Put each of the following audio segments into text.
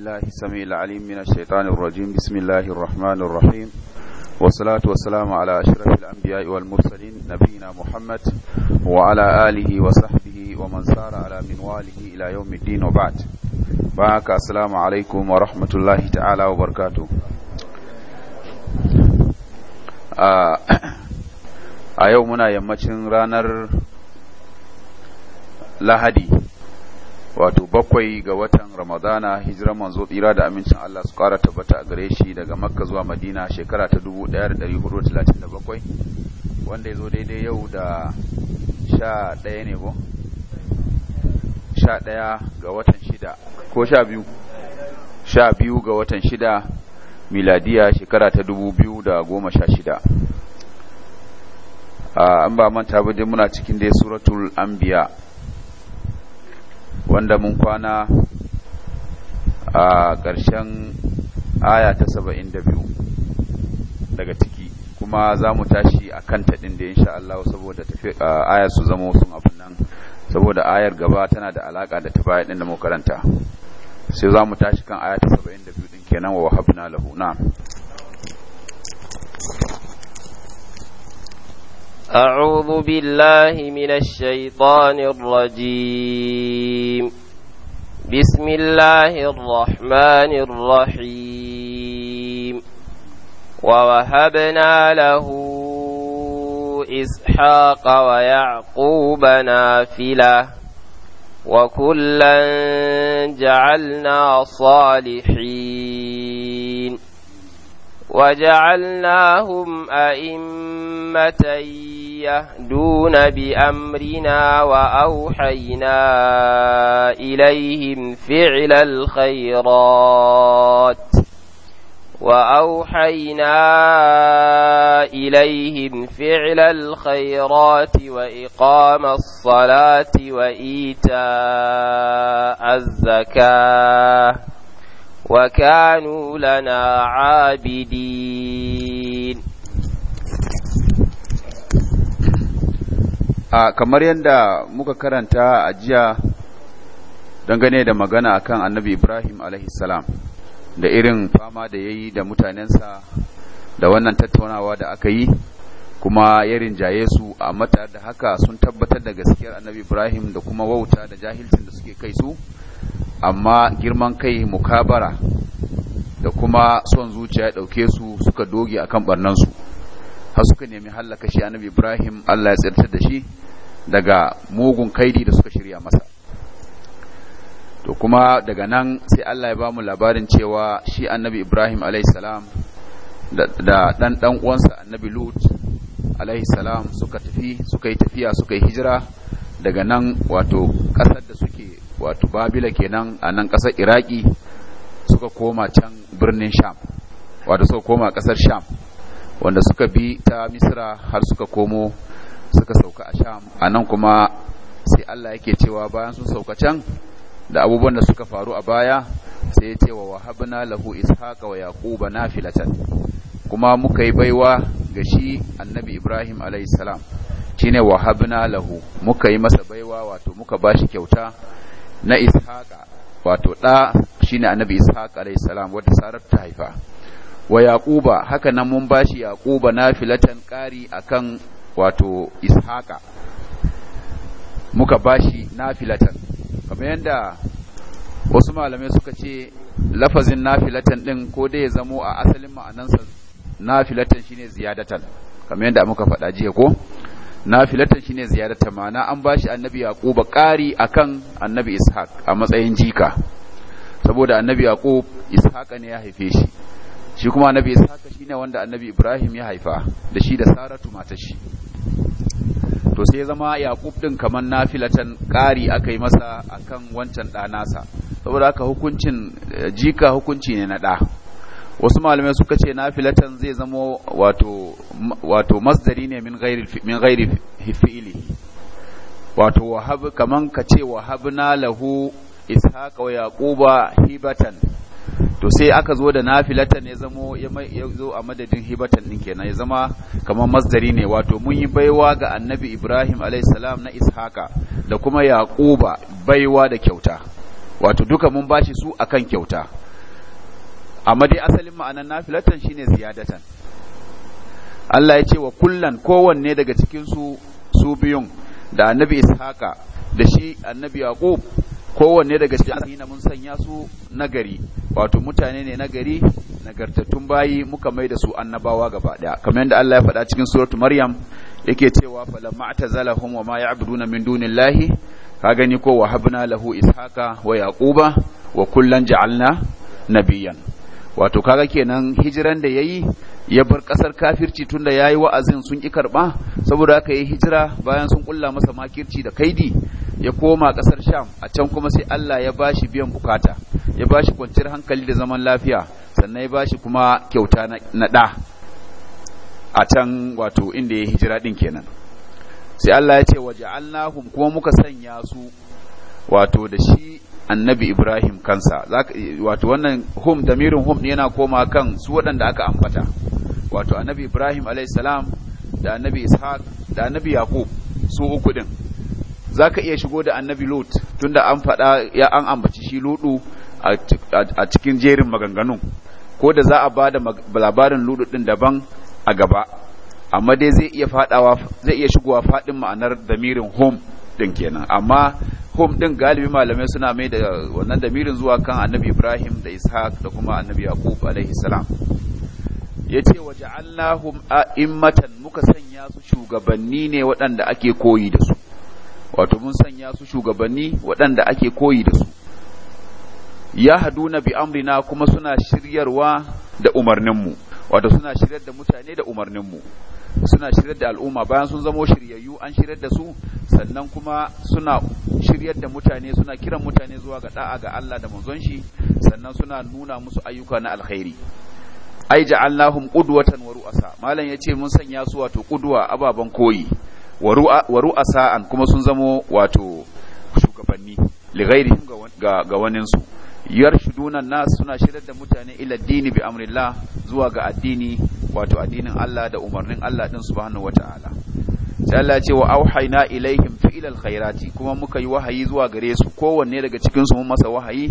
بالله السميع العليم من الشيطان الرجيم بسم الله الرحمن الرحيم والصلاة والسلام على أشرف الأنبياء والمرسلين نبينا محمد وعلى آله وصحبه ومن سار على منواله إلى يوم الدين وبعد بارك السلام عليكم ورحمة الله تعالى وبركاته a yau muna yammacin ranar lahadi wato bakwai ga watan ramadana hijiran manzo tsira da amincin Allah su kara tabbata a gare shi daga makka zuwa madina shekara ta 1437 wanda ya zo daidai yau da sha ɗaya ne ko sha ɗaya ga watan shida ko sha biyu sha biyu ga watan shida miladiya shekara ta 2016 an ah, ba manta ba dai muna cikin dai suratul anbiya wanda mun kwana a ƙarshen aya ta saba'in da biyu daga ciki kuma za mu tashi a kan taɗin da insha Allah saboda ayar su zama wasu abin nan saboda ayar gaba tana da alaƙa da ta baya ɗin da karanta sai za mu tashi kan aya ta saba'in da biyu ɗin kenan wa wahabna lahuna. أعوذ بالله من الشيطان الرجيم بسم الله الرحمن الرحيم ووهبنا له إسحاق ويعقوب نافلة وكلا جعلنا صالحين وجعلناهم أئمة يهدون بأمرنا وأوحينا إليهم فعل الخيرات وأوحينا إليهم فعل الخيرات وإقام الصلاة وإيتاء الزكاة وكانوا لنا عابدين a kamar yadda muka karanta a jiya dangane da magana akan annabi Ibrahim alaihissalam da irin fama da ya yi da mutanensa da wannan tattaunawa da aka yi kuma ya rinjaye su a mata da haka sun tabbatar da gaskiyar annabi Ibrahim da kuma wauta da jahilcin da suke kai su amma girman kai mukabara da kuma son zuciya ya ɗauke su suka doge akan barnansu har suka nemi hallaka shi annabi Ibrahim Allah ya tsirta da shi daga mugun kaidi da suka shirya masa to kuma daga nan sai Allah ya ba mu labarin cewa shi annabi Ibrahim alaihissalam da ɗan ɗan uwansa annabi Lut alaihissalam suka tafi suka yi tafiya suka yi hijira daga nan wato ƙasar da suke wato Babila kenan a nan ƙasar Iraki suka koma can birnin Sham wato suka koma ƙasar Sham wanda suka bi ta misra har suka komo suka sauka a sham a nan kuma sai Allah yake cewa bayan sun sauka can da abubuwan da suka faru a baya sai ya ce wa wahabna lahu ishaqa wa yaquba nafilatan kuma muka yi baiwa ga shi annabi ibrahim salam shine wahabna lahu muka yi masa baiwa wato muka bashi kyauta na ishaqa wato da shine annabi alayhi salam wanda sarar ta haifa wa yaquba haka nan mun bashi yaquba nafilatan qari akan wato ishaqa muka bashi nafilatan kamar yanda wasu malamai suka ce lafazin nafilatan din ko dai ya zamo a asalin ma'anansa nafilatan shine ziyadatan kamar yanda muka faɗa jiya ko nafilatan shine ziyadatan ma'ana an bashi annabi yaquba qari akan annabi ishaq a matsayin jika saboda annabi yaqub ishaqa ne ya haife shi shi kuma annabi shi shine wanda annabi ibrahim ya haifa da shi da saratu matar shi to sai zama yaqub din kaman nafilatan ƙari yi masa akan wancan ɗanasa nasa saboda haka hukuncin jika hukunci ne na ɗa wasu malamai suka ce nafilatan zai zama wato wato masdari ne min ghairi min ghairi wato wahab kaman ka ce wahabna lahu ishaqa wa yaquba hibatan to sai aka zo da nafilatan ya zamo ya zo a madadin hibatan din kenan ya zama kamar masdari ne wato mun yi baiwa ga annabi Ibrahim alaihissalam na Ishaka da kuma Yaquba baiwa da kyauta wato duka mun bashi su akan kyauta amma dai asalin ma'anar nafilatan shine ziyadatan Allah ya ce wa kullan kowanne daga cikin su su biyun da annabi Ishaka da shi annabi Yaqub kowanne daga cikin alhina mun sanya su nagari wato mutane ne nagari nagartattun bayi muka mai da su annabawa gaba daya kamar yadda Allah ya faɗa cikin suratu Maryam yake cewa fala ma'tazalahum wa ma ya'buduna min dunillahi ka gani ko wa habna lahu ishaqa wa yaquba wa kullan ja'alna nabiyan wato kaga kenan hijiran da yayi ya bar kasar kafirci tunda yayi wa'azin sun ki karba saboda aka yi hijira bayan sun kulla masa makirci da kaidi ya koma ƙasar sham a can kuma sai Allah ya bashi biyan bukata ya bashi kwanciyar hankali da zaman lafiya sannan ya bashi kuma kyauta na ɗa a can wato inda ya hijira ɗin kenan sai Allah ya ce waje allahum kuma muka sanya su wato da shi annabi ibrahim kansa wato wannan hum damirin hum yana koma kan su waɗanda aka ambata wato annabi ibrahim alaihissalam da annabi ishaq da annabi yaqub su uku din za ka iya shigo da annabi lot tunda an faɗa ya an ambaci shi luɗu a cikin jerin maganganun ko da za a ba da labarin ludu ɗin daban a gaba amma dai zai iya faɗawa zai iya shigowa faɗin ma'anar damirin home ɗin kenan amma home ɗin galibi malamai suna mai da wannan damirin zuwa kan annabi ibrahim da ishaq da kuma annabi yaqub alaihi salam Yace ce wa ja'allahum a'immatan muka sanya su shugabanni ne waɗanda ake koyi da su wato mun sanya su shugabanni waɗanda ake koyi da su ya haduna bi amrina kuma suna shiryarwa da umarninmu wato suna shiryar da mutane da umarninmu suna shiryar da al'umma bayan sun zamo shiryayyu an shiryar da su sannan kuma suna shiryar da mutane suna kiran mutane zuwa ga da'a ga Allah da manzon shi sannan suna nuna musu ayyuka na alkhairi ai ja'alnahum qudwatan wa ru'asa malam yace mun sanya su wato qudwa ababan koyi wa sa'an kuma sun zamo wato shugabanni li ghairi ga ga su yarshuduna nas suna shirar da mutane ila dini bi amrillah zuwa ga addini wato addinin Allah da umarnin Allah din subhanahu wataala sai Allah ya ce wa auhayna ilaihim ilal khairati kuma muka yi wahayi zuwa gare su kowanne daga cikin su mun masa wahayi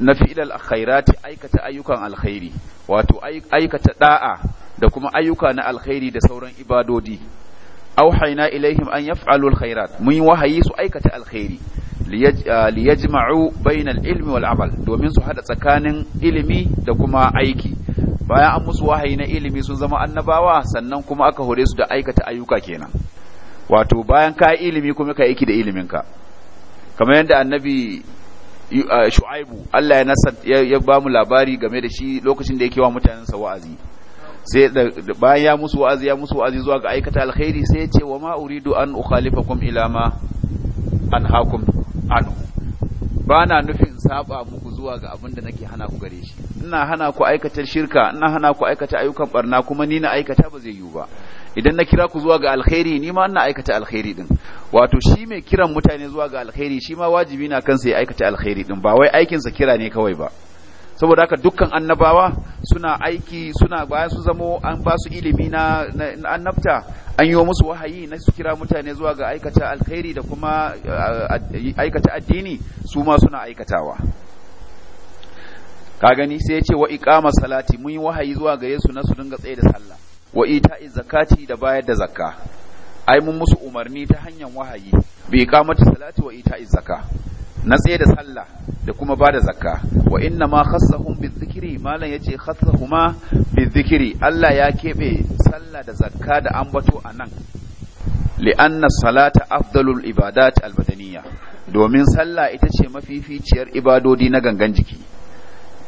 na fi'l khairati aikata ayyukan alkhairi wato aikata da'a da kuma ayyuka na alkhairi da sauran ibadodi auhaina ilaihim an يفعلوا الخيرات mun yi wahayi su aikata alkhairi liyajma'u bainal ilmi wal amal domin su hada tsakanin ilimi da kuma aiki bayan an musu wahayi na ilimi sun zama annabawa sannan kuma aka hore su da aikata ayyuka kenan wato bayan ka ilimi kuma ka aiki da iliminka kamar yadda annabi shu'aibu Allah ya ya ba mu labari game da shi lokacin da yake wa mutanen sa wa'azi sai bayan ya musu wa'azi ya musu wa'azi zuwa ga aikata alkhairi sai ya ce wa ma uridu an ukhalifakum ila ma anhaakum anhu ba na nufin saba muku zuwa ga abin da nake hana ku gare shi ina hana ku aikata shirka ina hana ku aikata ayyukan barna kuma ni na aikata ba zai yiwu ba idan na kira ku zuwa ga alkhairi ni ma ina aikata alkhairi din wato shi mai kiran mutane zuwa ga alkhairi shi ma wajibi na kansa ya aikata alkhairi din ba wai aikinsa kira ne kawai ba saboda haka dukkan annabawa suna aiki suna bayan su zamo an ba su ilimi na annabta an yi musu wahayi na su kira mutane zuwa ga aikata alkhairi da kuma aikata addini su ma suna aikatawa ka gani sai ya ce wa iqama salati mun yi wahayi zuwa ga Yesu na su dinga tsaye da sallah wa ita'iz zakati da bayar da zakka ai mun musu umarni ta hanyar wahayi bi iqamati salati wa ita'iz zakka na tsaye da sallah da kuma bada zakka wa inna ma khassahum bizikri malan yace khassahuma bizikri Allah ya kebe sallah da zakka da ambato anan li'anna salata afdalul ibadat albadaniyya domin sallah ita ce mafificiyar ibadodi na gangan jiki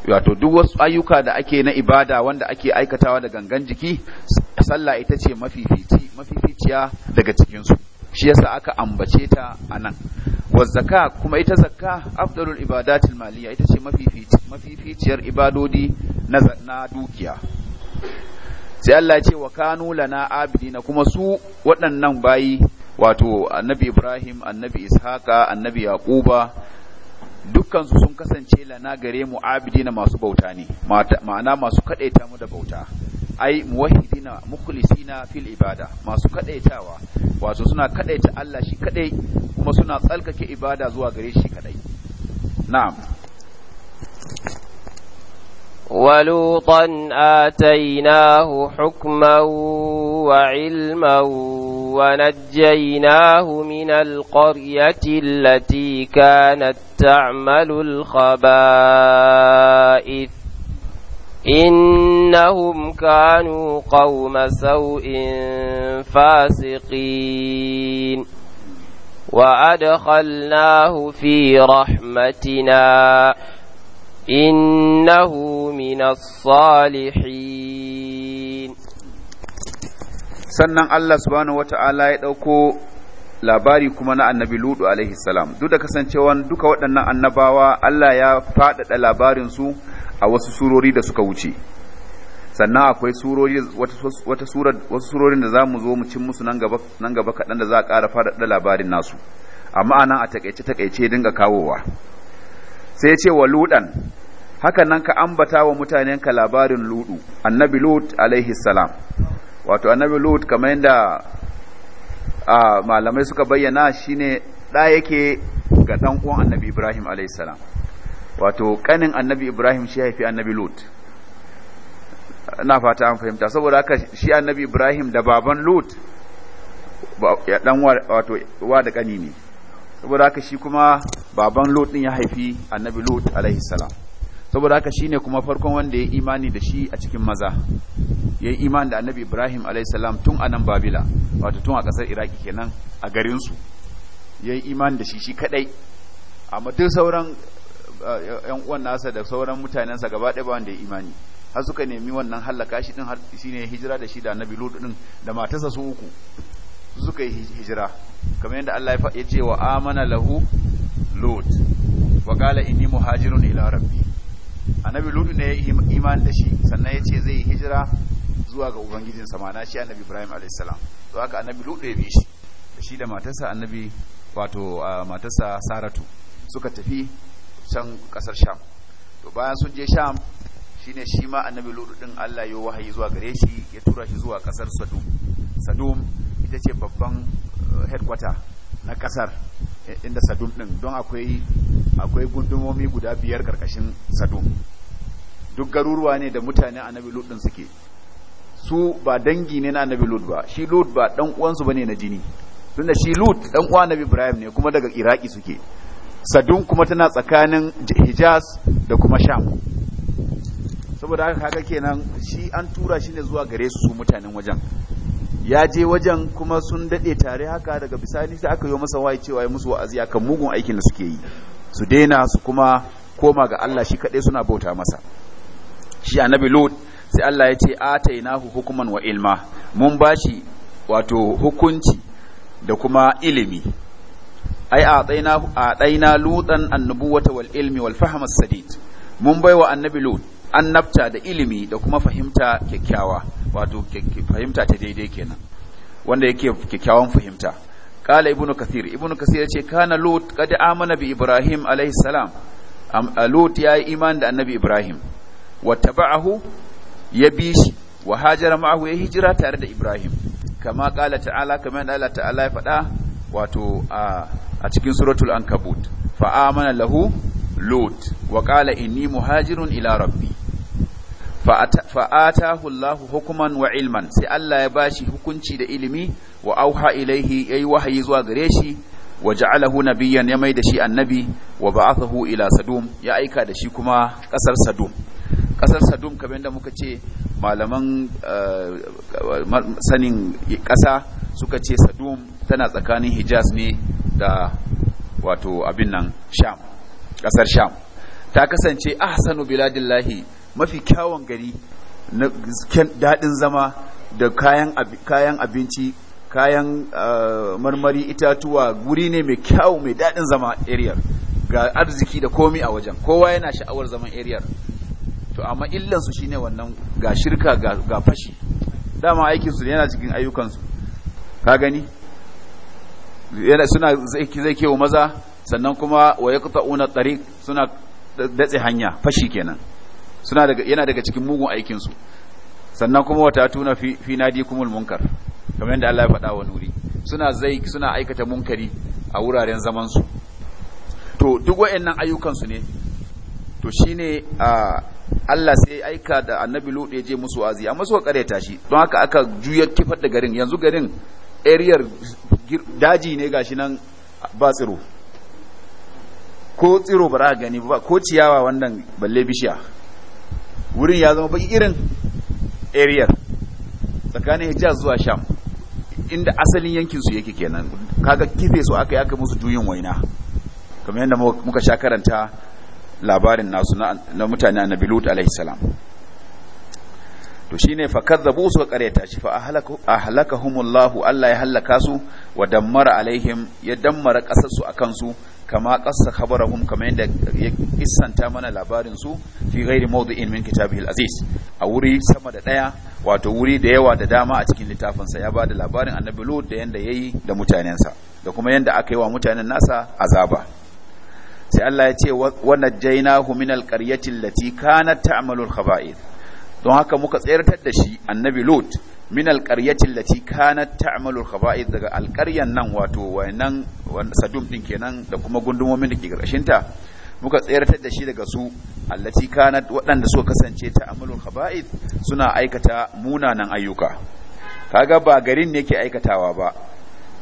wato duk wasu ayyuka da ake na ibada wanda ake aikatawa da gangan jiki sallah ita ce mafificiya daga cikin su shi yasa aka ambace ta a nan wazzaka kuma ita zakka afdalul ibadatil maliya ita ce mafificiyar ibadodi na dukiya sai Allah ce wa kanu lana abidina kuma su waɗannan bayi wato annabi Ibrahim annabi Ishaqa annabi Yaquba dukkan su sun kasance lana gare mu abidina masu bauta ne ma'ana masu kadaita mu da bauta ai muwahhidina mukhlisina fil ibada masu kadaitawa wato suna kadaita Allah shi kadai kuma suna tsalkake ibada zuwa gare shi kadai na'am ولوطا آتيناه حكما وعلما ونجيناه من القرية التي كانت تعمل الخبائث إنهم كانوا قوم سوء فاسقين وأدخلناه في رحمتنا إنه من الصالحين sannan Allah subhanahu wata'ala ya ɗauko labari kuma na annabi Ludu alaihi salam duk da kasancewan duka waɗannan annabawa Allah ya faɗaɗa labarinsu a wasu surori da suka wuce sannan akwai surori wata sura wasu surorin da zamu zo mu cin musu nan gaba nan gaba kaɗan da za a ƙara da labarin nasu amma anan a takeice takaice dinga kawowa sai ya ce wa ludan hakan nan ka ambata wa mutanen ka labarin ludu annabi lut alaihi salam wato annabi lut kamar yadda malamai suka bayyana shine ɗaya yake ga dan uwan annabi ibrahim alaihi salam wato kanin annabi ibrahim shi haifi annabi lut na fata an fahimta saboda haka shi annabi ibrahim da baban lut ya dan wato wa da kani ne saboda haka shi kuma baban lut din ya haifi annabi lut alaihi salam saboda haka shine kuma farkon wanda ya imani da shi a cikin maza ya yi imani da annabi ibrahim alaihi salam tun a nan babila wato tun a kasar iraki kenan a garinsu ya yi imani da shi shi kadai amma duk sauran Uh, yan uwan nasa da sauran mutanensa gaba ɗaya ba wanda ya imani har suka nemi wannan hallaka shi din har shine hijira da shi da annabi lut din da matarsa su uku suka yi hijira kamar yadda Allah ya ce wa amana lahu lut wa qala inni muhajirun ila rabbi annabi lut ne ya yi imani da shi sannan ya ce zai hijira zuwa ga ubangijin sa mana shi annabi ibrahim alayhis salam to haka annabi lut ya bi shi da shi da matarsa annabi wato uh, matarsa saratu suka tafi can kasar sham to bayan sun je sham shine shi ma annabi lutu din Allah ya wahayi zuwa gare shi ya tura shi zuwa kasar sadum sadum ita ce babban eh, headquarter na kasar eh, inda sadum din don akwai akwai gundumomi guda biyar karkashin sadum duk garuruwa ne da mutane annabi lutu din suke su ba dangi ne na annabi lut ba shi lut ba dan uwansu bane na jini tunda shi lut dan uwa annabi ibrahim ne kuma daga iraki suke sadun kuma tana tsakanin hijaz da kuma sham saboda haka kaga kenan shi an tura shi ne zuwa gare su mutanen wajen ya je wajen kuma sun dade tare haka daga bisani sai aka yi masa wai cewa ya musu wa'azi akan mugun aikin da suke yi su daina su kuma koma ga Allah shi kadai suna bauta masa shi annabi lut sai Allah ya ce atainahu hukuman wa ilma mun bashi wato hukunci da kuma ilimi ai a'taina lutan annabuwata wal ilmi wal fahm as-sadid mun baiwa annabi lut annabta da ilimi da kuma fahimta kyakkyawa wato fahimta ta daidai kenan wanda yake kyakkyawan fahimta qala ibnu kathir ibnu kathir yace kana lut qad amana bi ibrahim alayhi salam lut yayi iman da annabi ibrahim wa tabahu ya bi shi wa hajara ma'ahu ya hijira tare da ibrahim kama qala ta'ala kama da ta'ala ya faɗa wato a a cikin suratul ankabut fa amana lahu lut wa qala inni muhajirun ila rabbi fa atahu Allah hukuman wa ilman sai Allah ya bashi hukunci da ilimi wa auha ilaihi yayi wahayi zuwa gare shi wa ja'alahu nabiyyan ya maida shi annabi wa ba'athahu ila sadum ya aika da shi kuma kasar sadum ƙasar sadum kamar da muka ce malaman eh, sanin ƙasa suka ce sadum tana tsakanin hijaz ne da wato abin nan sham ƙasar sham ta kasance ahsanu biladillahi mafi kyawun gari na daɗin zama da kayan abinci kayan eh, marmari itatuwa guri ne mai kyawu mai daɗin zama ariyar ga arziki da komi a wajen kowa yana sha'awar zaman ariyar to amma illansu shine wannan ga shirka ga fashi dama aikinsu yana cikin ayyukansu ka gani yana suna zai kewo maza sannan kuma wa ya kuta una tsari suna datse hanya fashi kenan suna daga yana daga cikin mugun aikinsu sannan kuma wata tuna fi nadi kumul munkar kamar yadda Allah ya faɗa wa nuri suna zai suna aikata munkari a wuraren zaman su to duk wayannan ayyukan su ne to shine Allah sai aika da annabi lode je musu wazi amma suka kareta shi don haka aka juyar kifar da garin yanzu garin eriyar daji ne gashi nan ba tsiro ko tsiro ba za gani ba ko ciyawa wannan balle bishiya wurin ya zama baki irin eriyar tsakanin hijaz zuwa sham inda asalin yankin su yake kenan kaga kife su aka yi aka musu duyin waina kamar yadda muka sha karanta labarin nasu na mutane annabi lut alaihi salam to shine fa kadzabu suka kareta shi fa ahlakahumullahu Allah ya halaka su wa dammara alaihim ya dammara kasar su akan su kama qassa khabarahum kama yadda ya kissanta mana labarin su fi ghairi mawdu'in min kitabihi al-aziz a wuri sama da daya wato wuri da yawa da dama a cikin littafin sa ya bada labarin annabi lut da yanda yayi da mutanensa da kuma yanda aka yi wa mutanen nasa azaba sai Allah ya ce wa najjaynahu min al-qaryati allati kanat ta'malu al don haka muka tsayartar da shi annabi lot min alƙaryatin lati kanat ta'malu al daga alƙaryan nan wato wannan sadum din kenan da kuma gundumomin da ke ƙarƙashin ta muka tsayartar da shi daga su allati kanat waɗanda suka kasance ta'malu al-khaba'ith suna aikata munanan ayyuka kaga ba garin ne ke aikatawa ba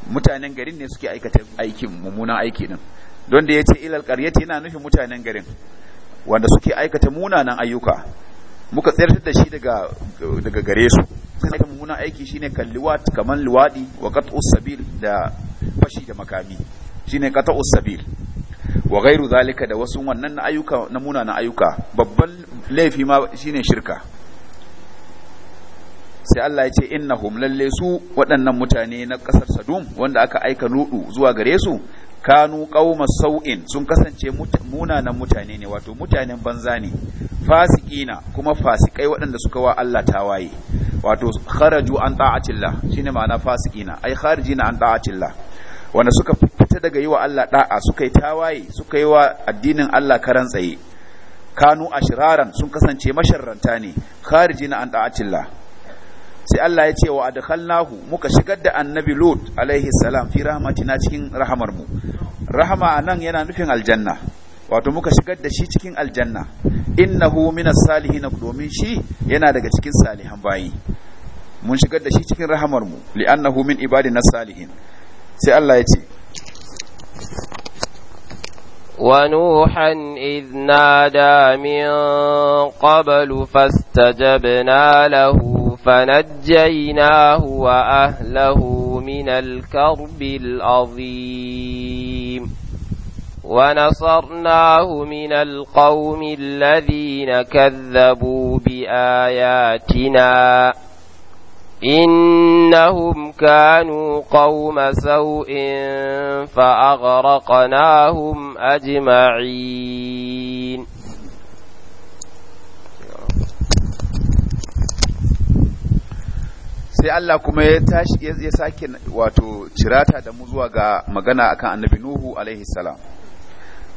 mutanen garin ne suke aikata aikin mummunan aiki din don da yace ilal qaryati yana nufin mutanen garin wanda suke aikata munanan ayyuka muka tsayar da shi daga daga gare su sai da muna aiki shine kalliwat kaman luwadi wa qat'us sabil da fashi da makami shine qat'us sabil wa ghairu zalika da wasu wannan na ayyuka na muna na ayyuka babban laifi ma shine shirka sai Allah ya ce innahum lalle su waɗannan mutane na ƙasar Sadum wanda aka aika nudu zuwa gare su kanu qauma sau'in sun kasance munanan mutane ne wato mutanen banza ne fasikina kuma fasikai waɗanda suka wa Allah tawaye wato kharaju an ta'atillah shine ma'ana fasikina ai kharijina an ta'atillah wanda suka fita daga yi wa Allah da'a suka yi tawaye suka yi wa addinin Allah karan tsaye kanu ashraran sun kasance masharranta ne kharijina an ta'atillah sai Allah ya ce wa adkhalnahu muka shigar da annabi Lut alaihi salam fi rahmatina cikin rahamar mu rahama nan yana nufin aljanna wato muka shigar da shi cikin aljanna innahu minas salihin domin shi yana daga cikin salihan bayi mun shigar da shi cikin rahamar mu li'annahu min ibadina salihin sai Allah ya ce ونوحا إذ min من قبل فاستجبنا له wa وأهله من الكرب azim. ونصرناه من القوم الذين كذبوا بآياتنا إنهم كانوا قوم سوء فأغرقناهم أجمعين sai Allah kuma ya tashi ya sake wato cirata da mu zuwa ga magana akan annabi Nuhu alaihi salam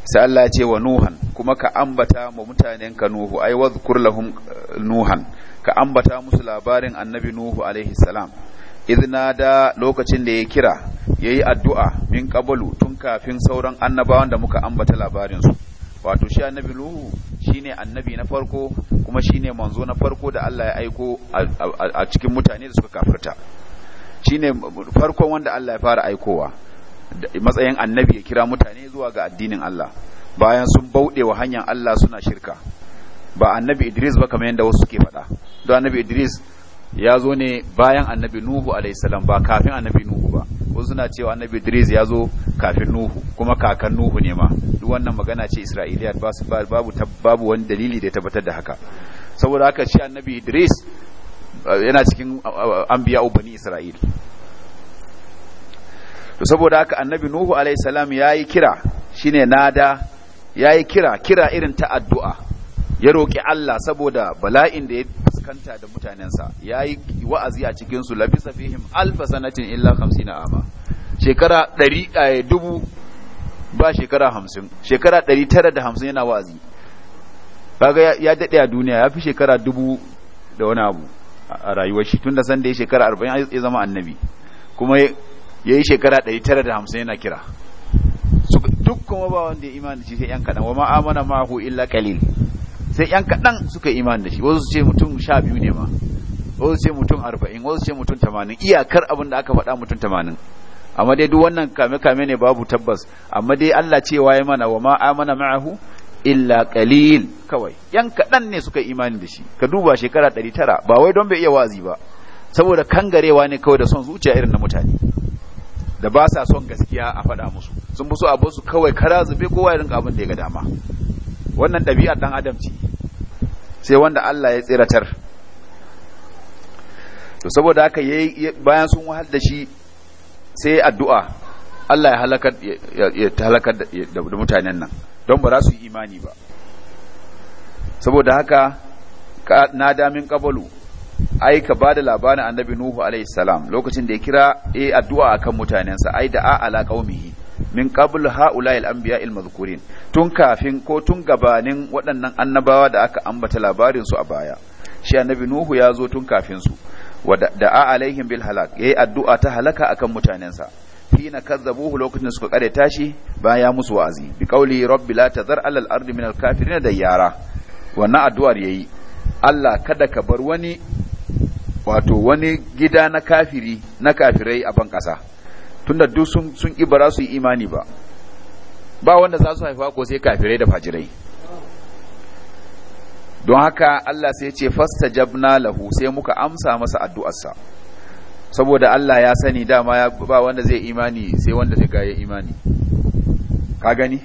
sai Allah ya ce wa nuhan kuma ka ambata ma mutanen ka nuhu ai wadhkur lahum eh, nuhan ka ambata musu labarin annabi nuhu alaihi salam idna da lokacin da ya kira yayi addu'a min qabalu tun kafin sauran annabawan da muka ambata labarin su wato shi annabi nuhu shine annabi na farko kuma shine manzo na farko da Allah ya aiko a cikin mutane da suka kafirta shine farkon wanda Allah ya fara aikowa matsayin annabi ya kira mutane zuwa ga addinin Allah bayan sun bauɗe wa hanyar Allah suna shirka ba annabi Idris ba kamar yadda wasu suke faɗa don annabi Idris ya zo ne bayan annabi Nuhu alaihissalam ba kafin annabi Nuhu ba wasu suna cewa annabi Idris ya zo kafin Nuhu kuma kakan Nuhu ne ma duk wannan magana ce Isra'iliya babu babu wani dalili da ya tabbatar da haka saboda haka shi annabi Idris yana cikin anbiya bani Isra'il to saboda haka annabi nuhu alaihi salam yayi kira shine nada yayi kira kira irin ta addu'a ya roki Allah saboda bala'in da ya fuskanta da mutanensa yayi wa'azi a cikin su labisa fihim alf sanatin illa 50 ama shekara 100 eh, dubu ba shekara 50 shekara 950 yana wa'azi kaga ya dade a duniya ya fi shekara dubu da wani abu a rayuwar shi tun da san da ya shekara 40 ya zama annabi kuma ya yi shekara 950 yana kira duk kuma ba wanda ya imani shi sai yan kaɗan wa ma'amana ma'ahu illa kalil sai yan kaɗan suka imani da shi wasu ce mutum sha biyu ne ma wasu ce mutum arba'in wasu ce mutum tamanin iyakar abin da aka faɗa mutum tamanin amma dai duk wannan kame-kame ne babu tabbas amma dai Allah wa ya mana wa ma'amana ma'ahu illa kalil kawai yan kaɗan ne suka imani da shi ka duba shekara ɗari tara ba wai don bai iya wazi ba saboda kangarewa ne kawai da son zuciya irin na mutane da ba sa son gaskiya a faɗa musu sun fi so a su kawai kara zube kowa ya rinka abin da ya ga dama wannan ɗabi'ar ɗan adamci ce sai wanda Allah ya tsiratar to saboda haka bayan sun wahal da shi sai addu'a Allah ya halakar ya da mutanen nan don ba za su yi imani ba saboda haka na damin kabalu ai ka bada labarin annabi nuhu alaihi salam lokacin da ya kira e addu'a akan mutanensa ai da'a ala qaumihi min qabl haula'il anbiya al mazkurin tun kafin ko tun gabanin waɗannan annabawa da aka ambata labarin su a baya shi annabi nuhu ya zo tun kafin su da'a alaihim bil halak yayi addu'a ta halaka akan mutanensa hina kazzabuhu lokacin suka kare tashi baya musu wa'azi bi qauli rabbi la tazar alal ardi min al kafirin da yara wannan addu'ar yayi Allah kada ka bar wani wato wani gida na kafiri na kafirai a ban ƙasa tunda duk sun sun ibara su yi imani ba ba wanda za su haifa ko sai kafirai da fajirai don haka Allah sai ce fastajabna lahu sai muka amsa masa addu'arsa saboda Allah ya sani dama ba wanda zai imani sai wanda zai ga imani ka gani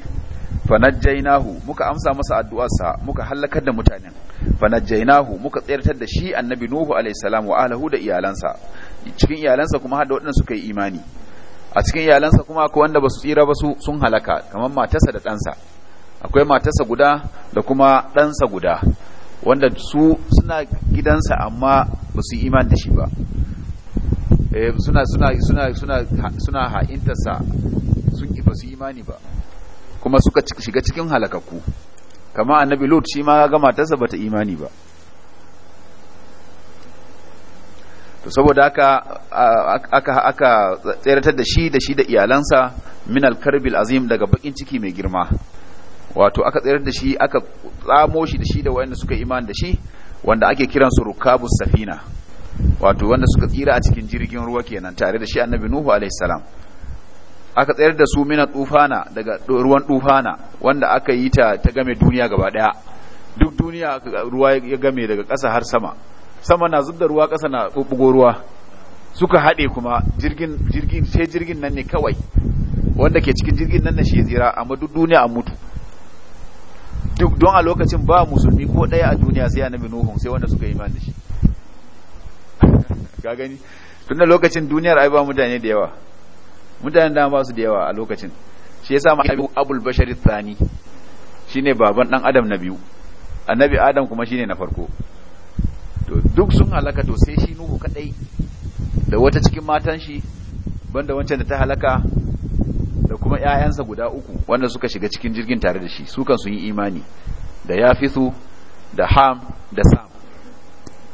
fanajjainahu muka amsa masa sa muka halakar da mutanen fanajjainahu muka tsayartar da shi annabi nuhu alayhi salam wa alahu da iyalansa cikin iyalansa kuma har da waɗanda suka yi imani a cikin iyalansa kuma akwai wanda basu tsira ba su sun halaka kamar matarsa da ɗansa akwai matarsa guda da kuma ɗansa guda wanda su suna gidansa amma ba su imani da shi ba eh, suna suna suna suna suna ha'intarsa sun ba su imani ba kuma suka shiga cikin halakaku kama annabi lut shi ma ga matarsa bata imani ba to saboda aka aka aka tseratar da shi da shi da iyalansa min alkarbil azim daga bakin ciki mai girma wato aka tsayar da shi aka tsamo shi da shi da wayanda suka imani da shi wanda ake kiran su rukabus safina wato wanda suka tsira a cikin jirgin ruwa kenan tare da shi annabi nuhu alaihi salam aka tsayar da su mina tufana daga ruwan tufana wanda aka yi ta ta game duniya gaba daya duk duniya ruwa ya game daga ƙasa har sama sama na zubda ruwa ƙasa na bubbugo ruwa suka haɗe kuma jirgin jirgin sai jirgin nan ne kawai wanda ke cikin jirgin nan na shi zira amma duk duniya an mutu duk don a lokacin ba musulmi ko ɗaya a duniya sai annabi nuhun sai wanda suka yi imani da shi ka gani tun da lokacin duniyar ai ba mutane da yawa mutanen da ba su da yawa a lokacin shi yasa ma abul basharit tsani shine baban dan adam na biyu annabi adam kuma shine na farko to duk sun halaka to sai shi nuhu kadai da wata cikin matan shi banda wancan da ta halaka da kuma ƴaƴansa guda uku wanda suka shiga cikin jirgin tare da shi su kan su yi imani da yafisu da ham da sam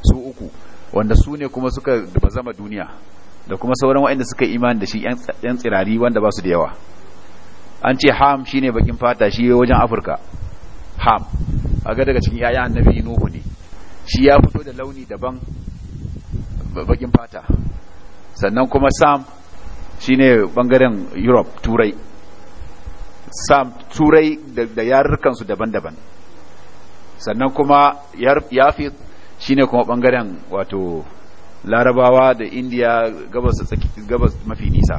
su uku wanda su ne kuma suka bazama duniya da kuma sauran wa'anda suka yi imani da shi yan tsirari wanda ba su da yawa an ce ham shine bakin fata shi wajen afirka ham a ga daga cikin yayan annabi nuhu ne shi ya fito da launi daban bakin fata sannan kuma sam shine bangaren europe turai sam turai da yarurkansu daban-daban sannan kuma shi shine kuma bangaren wato larabawa da indiya gabas mafi nisa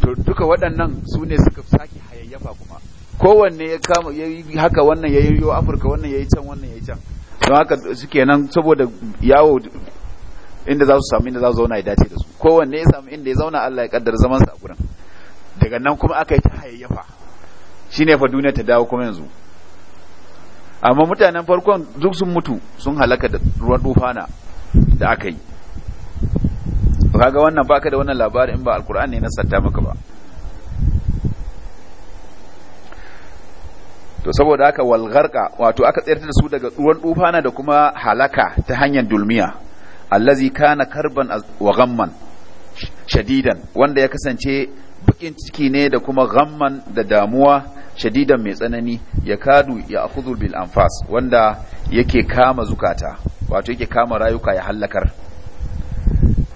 to duka waɗannan su ne suka sake hayayyafa kuma kowanne ya kama ya yi haka wannan ya yi afirka wannan ya yi can wannan ya yi can don haka suke nan saboda yawo inda za su samu inda za su zauna ya dace da su kowanne ya samu inda ya zauna allah ya kaddar zaman sa a gurin daga nan kuma aka yi ta hayayyafa ne fa duniya ta dawo kuma yanzu amma mutanen farkon duk sun mutu sun halaka da ruwan dufana da aka yi kaga wannan baka da wannan labari in ba alkur'ani ne na satta maka ba to saboda haka walgharqa wato aka tsayar da su daga ruwan dufana da kuma halaka ta hanyar dulmiya allazi kana karban wa ghamman shadidan wanda ya kasance bakin ciki ne da kuma ghamman da damuwa shadidan mai tsanani ya kadu ya akhudhu bil anfas wanda yake kama zukata wato yake kama rayuka ya hallakar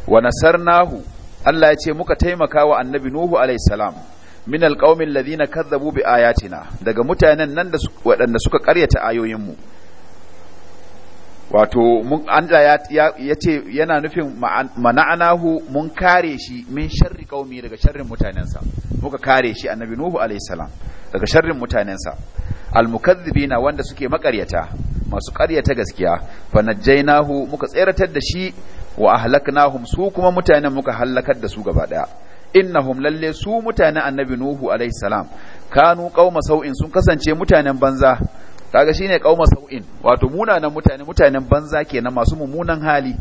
wa nasarnahu Allah ya ce muka taimaka wa annabi nuhu alayhi salam min alqaumin alladhina kazzabu bi ayatina daga mutanen nan da waɗanda suka ƙaryata mu wato mun Allah ya yace yana nufin mana'anahu mun kare shi min sharri qaumi daga sharrin mutanensa muka kare shi annabi nuhu alayhi salam daga sharrin mutanensa almukazzibina wanda suke makaryata masu karyata gaskiya fa najjaynahu muka tseratar da shi wa ahlaknahum su kuma mutanen muka halakar da su gaba daya innahum lalle su mutanen annabi nuhu alayhi salam kanu qauma sau'in sun kasance mutanen banza kaga shine kauma sau'in wato munanan mutane mutanen banza kenan masu mummunan hali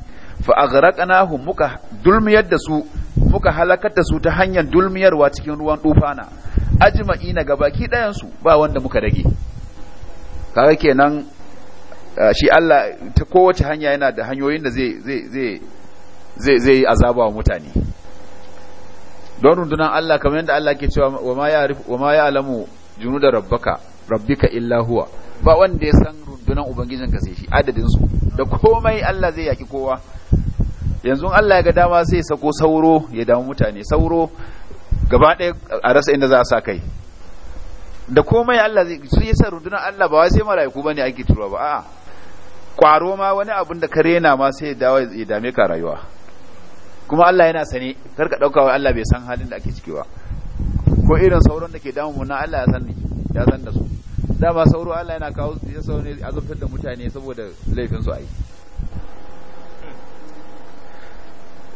fa aghraqnahu muka dulmiyar da su muka halakar da su ta hanyar dulmiyarwa cikin ruwan dufana na gabaki dayan su ba wanda muka rage kaga kenan shi Allah ta kowace hanya yana da hanyoyin da zai zai zai zai zai azaba wa mutane don rundunan Allah kamar yadda Allah ke cewa wa ma ya alamu da rabbaka rabbika illa ba wanda ya san rundunar ubangijin ka sai shi adadin su da komai Allah zai yaki kowa yanzu Allah ya ga dama sai sako sauro ya damu mutane sauro gaba ɗaya a rasa inda za a sa kai da komai Allah zai su yi san rundunar Allah ba wai sai mala'iku bane ake tura ba a'a kwaro ma wani abun da ka rena ma sai ya dawo ya dame ka rayuwa kuma Allah yana sani kar ka dauka wai Allah bai san halin da ake ciki ba ko irin sauran da ke damu na Allah ya san ya san da su dama sauro Allah yana kawo su ya sauro ne zubtar da mutane saboda laifin su ai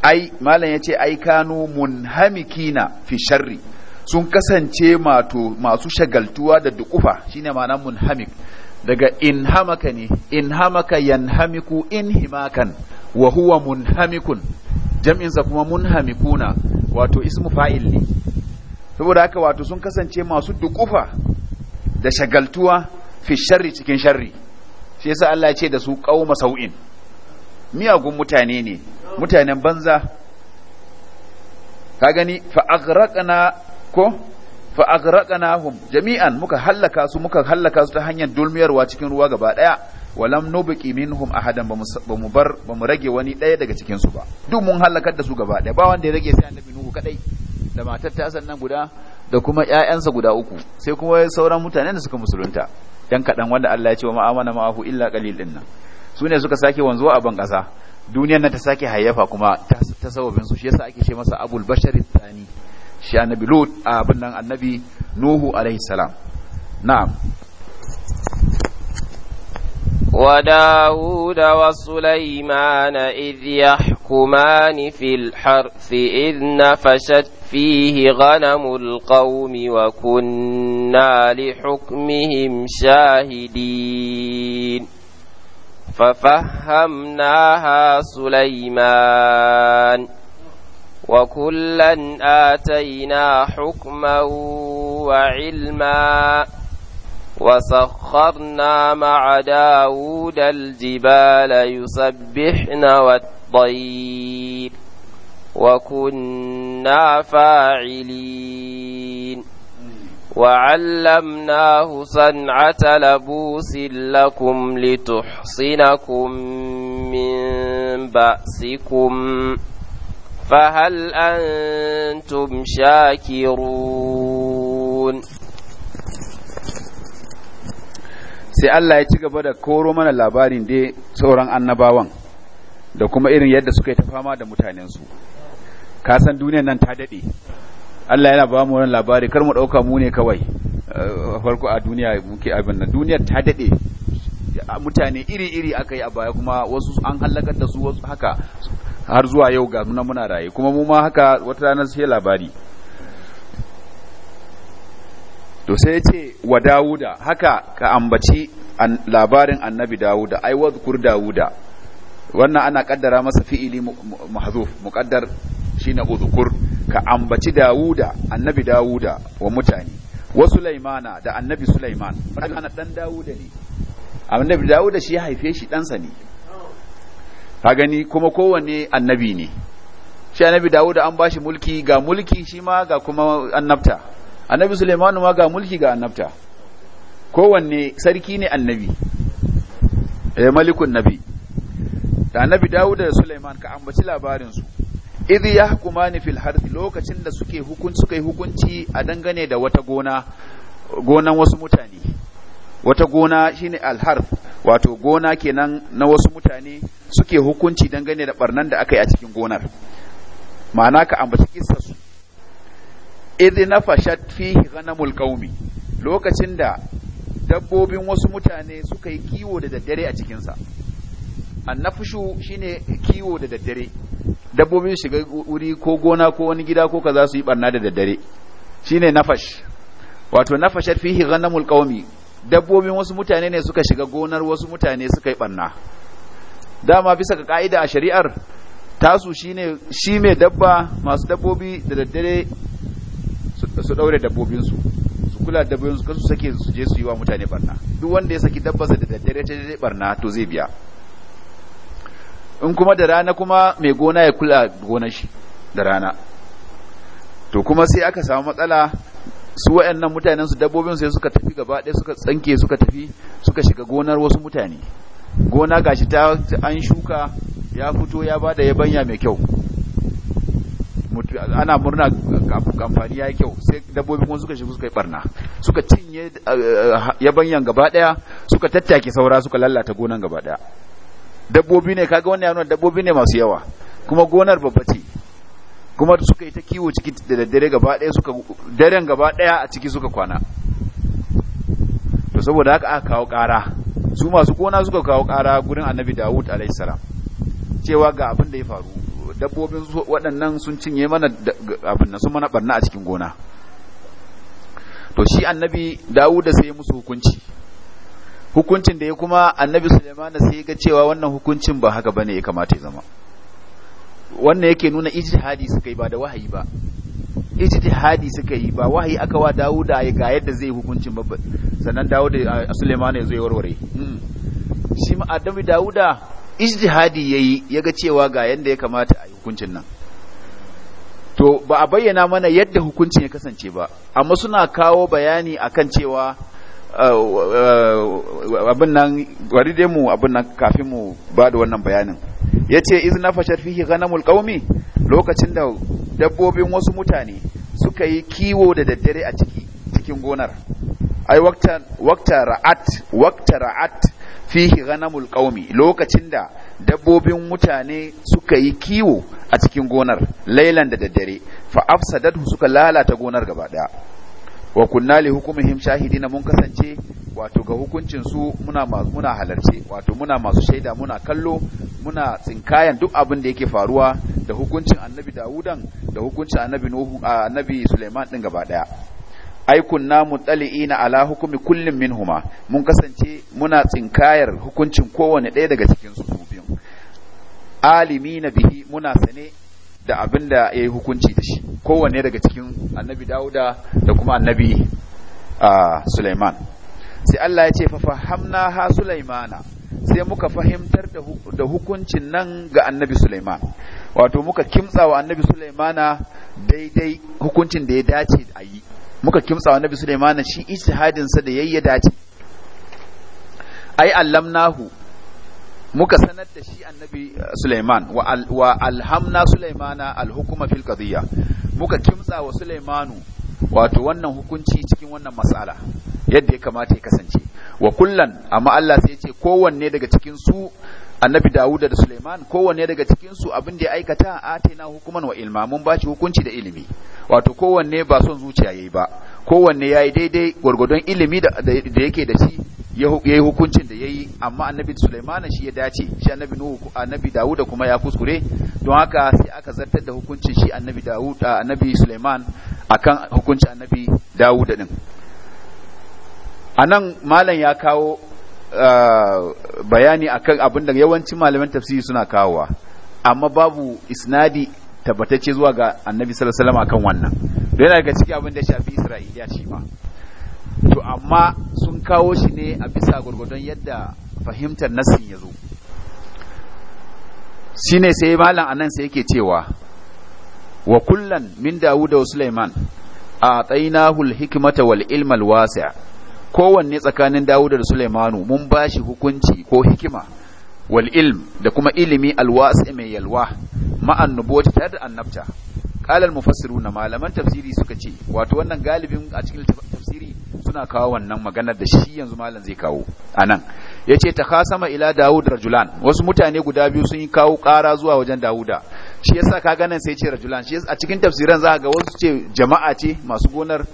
ai malam yace ai kanu munhamikina fi sharri sun kasance mato masu shagaltuwa da dukufa shine ma'ana munhamik daga inhamaka ne inhamaka yanhamiku inhimakan wa huwa munhamikun jam'insa kuma munhamikuna wato ismu fa'il ne saboda haka wato sun kasance masu dukufa da shagaltuwa fi sharri cikin sharri shi yasa Allah ya ce da su kauma sau'in miyagun mutane ne mutanen banza ka gani fa aghraqna ko fa aghraqnahum jami'an muka hallaka su muka hallaka su ta hanyar dulmiyarwa cikin ruwa gaba daya walam nubqi minhum ahadan bamu bar bamu rage wani ɗaya daga cikin su ba duk mun halakar da su gaba daya ba wanda ya rage sai annabi nuhu kadai da matar ta sannan guda da kuma ƴaƴansa guda uku sai kuma sauran mutanen da suka musulunta dan kaɗan wanda Allah ya ce wa ma'amana ma'ahu illa qalil din nan su ne suka sake wanzu a ban ƙasa duniyar nan ta sake hayyafa kuma ta sababin su shi yasa ake ce masa abul bashari tsani shi annabi lut abin nan annabi nuhu alaihi salam na'am Wa وداود وسليمان إذ يحكمون يحكمان في الحرث إذ نفشت فيه غنم القوم وكنا لحكمهم شاهدين ففهمناها سليمان وكلا آتينا حكما وعلما وسخرنا مع داود الجبال يسبحن والتقوى الطيب وكنا فاعلين وعلمناه صنعة لبوس لكم لتحصنكم من بأسكم فهل أنتم شاكرون sai Allah ya ci gaba da koro mana labarin dai sauran annabawan da kuma irin yadda suka yi ta fama da mutanensu ka san duniyar nan ta daɗe Allah yana ba mu labari kar mu ɗauka mu ne kawai eh, farko a duniya muke abin nan duniyar ta daɗe mutane iri-iri aka yi a baya kuma wasu an halakar da su wasu haka har zuwa yau ga muna muna raye kuma mu ma haka wata ranar sai labari to sai ce wa dawuda haka ka ambaci labarin annabi dawuda ai wadhkur dawuda wannan ana kaddara masa fi'ili mahzuf muqaddar shine uzkur ka ambaci Dawuda annabi Dawuda wa mutane wa Sulaimana da annabi Sulaiman ana dan Dawuda ne annabi dauda shi ya haife shi ɗansa ne ka gani kuma kowanne annabi ne shi annabi Dawuda an bashi mulki ga mulki shi ma ga kuma annabta annabi Sulaiman ma ga mulki ga annabta kowanne sarki ne annabi eh malikun nabi da annabi Dawuda da Suleiman ka ambaci labarin su idh yahkumani fil harth lokacin da suke hukunci suka hukunci a dangane da wata gona gonan wasu mutane wata gona shine al harth wato gona kenan na wasu mutane suke hukunci dangane da barnan da aka yi a cikin gonar ma'ana ka ambaci kissar su idh nafashat fihi ghanamul qaumi lokacin da dabbobin wasu mutane suka yi kiwo da daddare a cikinsa. sa annafushu shine kiwo da daddare dabbobi su shiga wuri ko gona ko wani gida ko kaza su yi barna da daddare shine nafash wato nafashat fihi ghanamul qaumi Dabbobi wasu mutane ne suka shiga gonar wasu mutane suka yi barna dama bisa ga ka'ida a shari'ar tasu shine shi mai dabba masu dabbobi da daddare su daure dabbobin su Su kula dabbobinsu kar su sake su je su yi wa mutane barna duk wanda ya saki dabbarsa da daddare ta barna to zai biya in kuma da rana kuma mai gona ya kula gonar shi da rana to kuma sai aka samu matsala su waɗannan mutanen su dabbobin sai suka tafi gaba ɗaya suka tsanke suka tafi suka shiga gonar wasu mutane gona gashi ta an shuka ya fito ya bada yabanya mai kyau ana murna amfani ya yi kyau sai dabbobin kuma suka shiga suka yi barna suka cinye eh, eh, yabanyan gaba ɗaya suka tattake saura suka lalata gonan gaba daya dabbobi ne kaga wannan ya dabbobi ne masu yawa kuma gonar babba ce kuma suka yi ta kiwo ciki da daddare gaba ɗaya suka daren gaba ɗaya a ciki suka kwana to saboda haka aka kawo ƙara su masu gona suka kawo ƙara gurin annabi dawud alaihi salam cewa ga abin da ya faru dabbobin waɗannan sun cinye mana abin nan sun mana barna a cikin gona to shi annabi dawud da sai musu hukunci hukuncin da ya kuma annabi Sulemana sai ya ga cewa wannan hukuncin ba haka bane ya kamata ya zama wannan yake nuna ijtihadi suka yi ba da wahayi ba ijtihadi suka yi ba wahayi aka wa Dawuda ya ga yadda zai hukuncin babba sannan Dawuda Sulaiman ya zo ya warware hmm. shi ma Adami Dawuda ijtihadi yayi ga cewa ga yanda ya kamata a yi hukuncin nan to ba a bayyana mana yadda hukuncin ya kasance ba amma suna kawo bayani akan cewa Eh, eh, abin nan bari dai mu abin nan kafin mu ba da wannan bayanin Ya ce izina fashar fihi ganamul ƙaumi. lokacin da dabbobin wasu mutane suka yi kiwo da daddare a ciki cikin gonar ai wakta ra'at wakta ra'at fihi ganamul ƙaumi. lokacin da dabbobin mutane suka yi kiwo a cikin gonar lailan da daddare fa afsadatu suka lalata gonar gaba daya wa kunna li hukumihim shahidina mun kasance wato ga hukuncin su muna muna halarce wato muna masu shaida muna kallo muna tsinkayan duk abin da yake faruwa da hukuncin annabi Dawudan da hukuncin annabi Nuhu annabi Sulaiman din gaba daya ai kunna mutali'ina ala hukumi kullum minhuma mun kasance muna tsinkayar hukuncin kowane ɗaya daga cikin su Alimi na bihi muna sane da abin da yayi hukunci da shi kowanne daga cikin annabi dauda da kuma annabi Suleiman. sai Allah ya ce fafa hamna ha Suleimana sai muka fahimtar da hukuncin nan ga annabi Suleiman. wato muka kimtsa wa annabi Suleimana daidai hukuncin da ya dace a yi muka kimtsa wa annabi Suleimana shi ijtihadin hadinsa da yayi ya dace ai allamnahu muka sanar da shi annabi Suleiman wa alhamna Suleimana alhukuma fil qadiyya muka kimtsa wa Sulaimanu wato wannan hukunci cikin wannan matsala yadda ya kamata ya kasance wa kullan amma Allah sai ya ce kowanne daga cikin su annabi Dawuda da Suleiman kowanne daga cikin su abin da ya aikata a ataina hukuman wa ilma mun shi hukunci da ilimi wato kowanne ba son zuciya yayi ba kowanne yayi daidai gurgudun ilimi da yake da shi ya yi hukuncin da yayi amma annabi Suleiman shi ya dace shi annabi Nuhu annabi Dawuda kuma ya kuskure don haka sai aka zartar da hukuncin shi annabi Dawuda annabi Suleiman akan hukuncin annabi Dawuda din anan malam ya kawo bayani akan abin da yawancin malaman tafsiri suna kawowa amma babu isnadi tabbatacce zuwa ga annabi sallallahu alaihi akan wannan don yana daga ciki abin da shafi isra'iliya shi ma to amma sun kawo shi ne a bisa gwargwadon yadda fahimtar nasin ya zo shi sai malam anan sai yake cewa wa kullan min Dawud wa sulaiman a tsainahul hikimata wal ilmal wasi'a kowanne tsakanin Dawuda da Sulaimanu mun ba shi hukunci ko hikima wal ilm da kuma ilimi alwasi mai yalwa ma'an nubuwati tare da annabta qala al mufassiruna malaman tafsiri suka ce wato wannan galibin a cikin tafsiri suna kawo wannan maganar da shi yanzu malam zai kawo anan yace kasama ila Dawud rajulan wasu mutane guda biyu sun yi kawo kara zuwa wajen Dawuda shi yasa ka ganin sai ce rajulan shi a cikin tafsiran za ga wasu ce jama'a ce masu gonar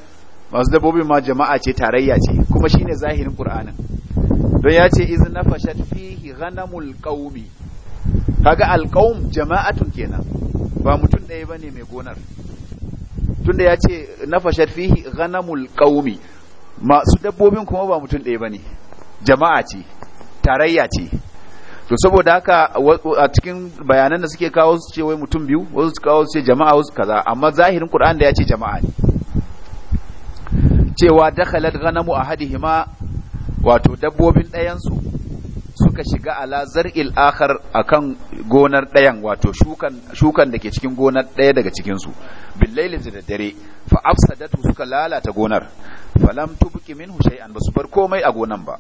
masu dabobin ma jama'a ce tarayya ce kuma shine zahirin qur'anin don ya ce iz nafashat fihi ghanamul qaumi kaga alqaum jama'atun kenan ba mutum ɗaya bane mai gonar tunda ya ce nafashat fihi ghanamul qaumi masu dabbobin kuma ba mutum ɗaya bane jama'a ce tarayya ce to saboda haka a cikin bayanan da suke kawo su ce wai mutum biyu wasu kawo su ce jama'a wasu kaza amma zahirin qur'an da ya ce jama'a ne cewa dakhalat ghanamu ahadihima wato dabbobin ɗayansu suka shiga ala zar'il akhar kan gonar ɗayan wato shukan shukan dake cikin gonar ɗaya daga cikinsu. su billaili da dare fa afsadatu suka lalata gonar falam tubqi minhu shay'an basu bar komai a gonan ba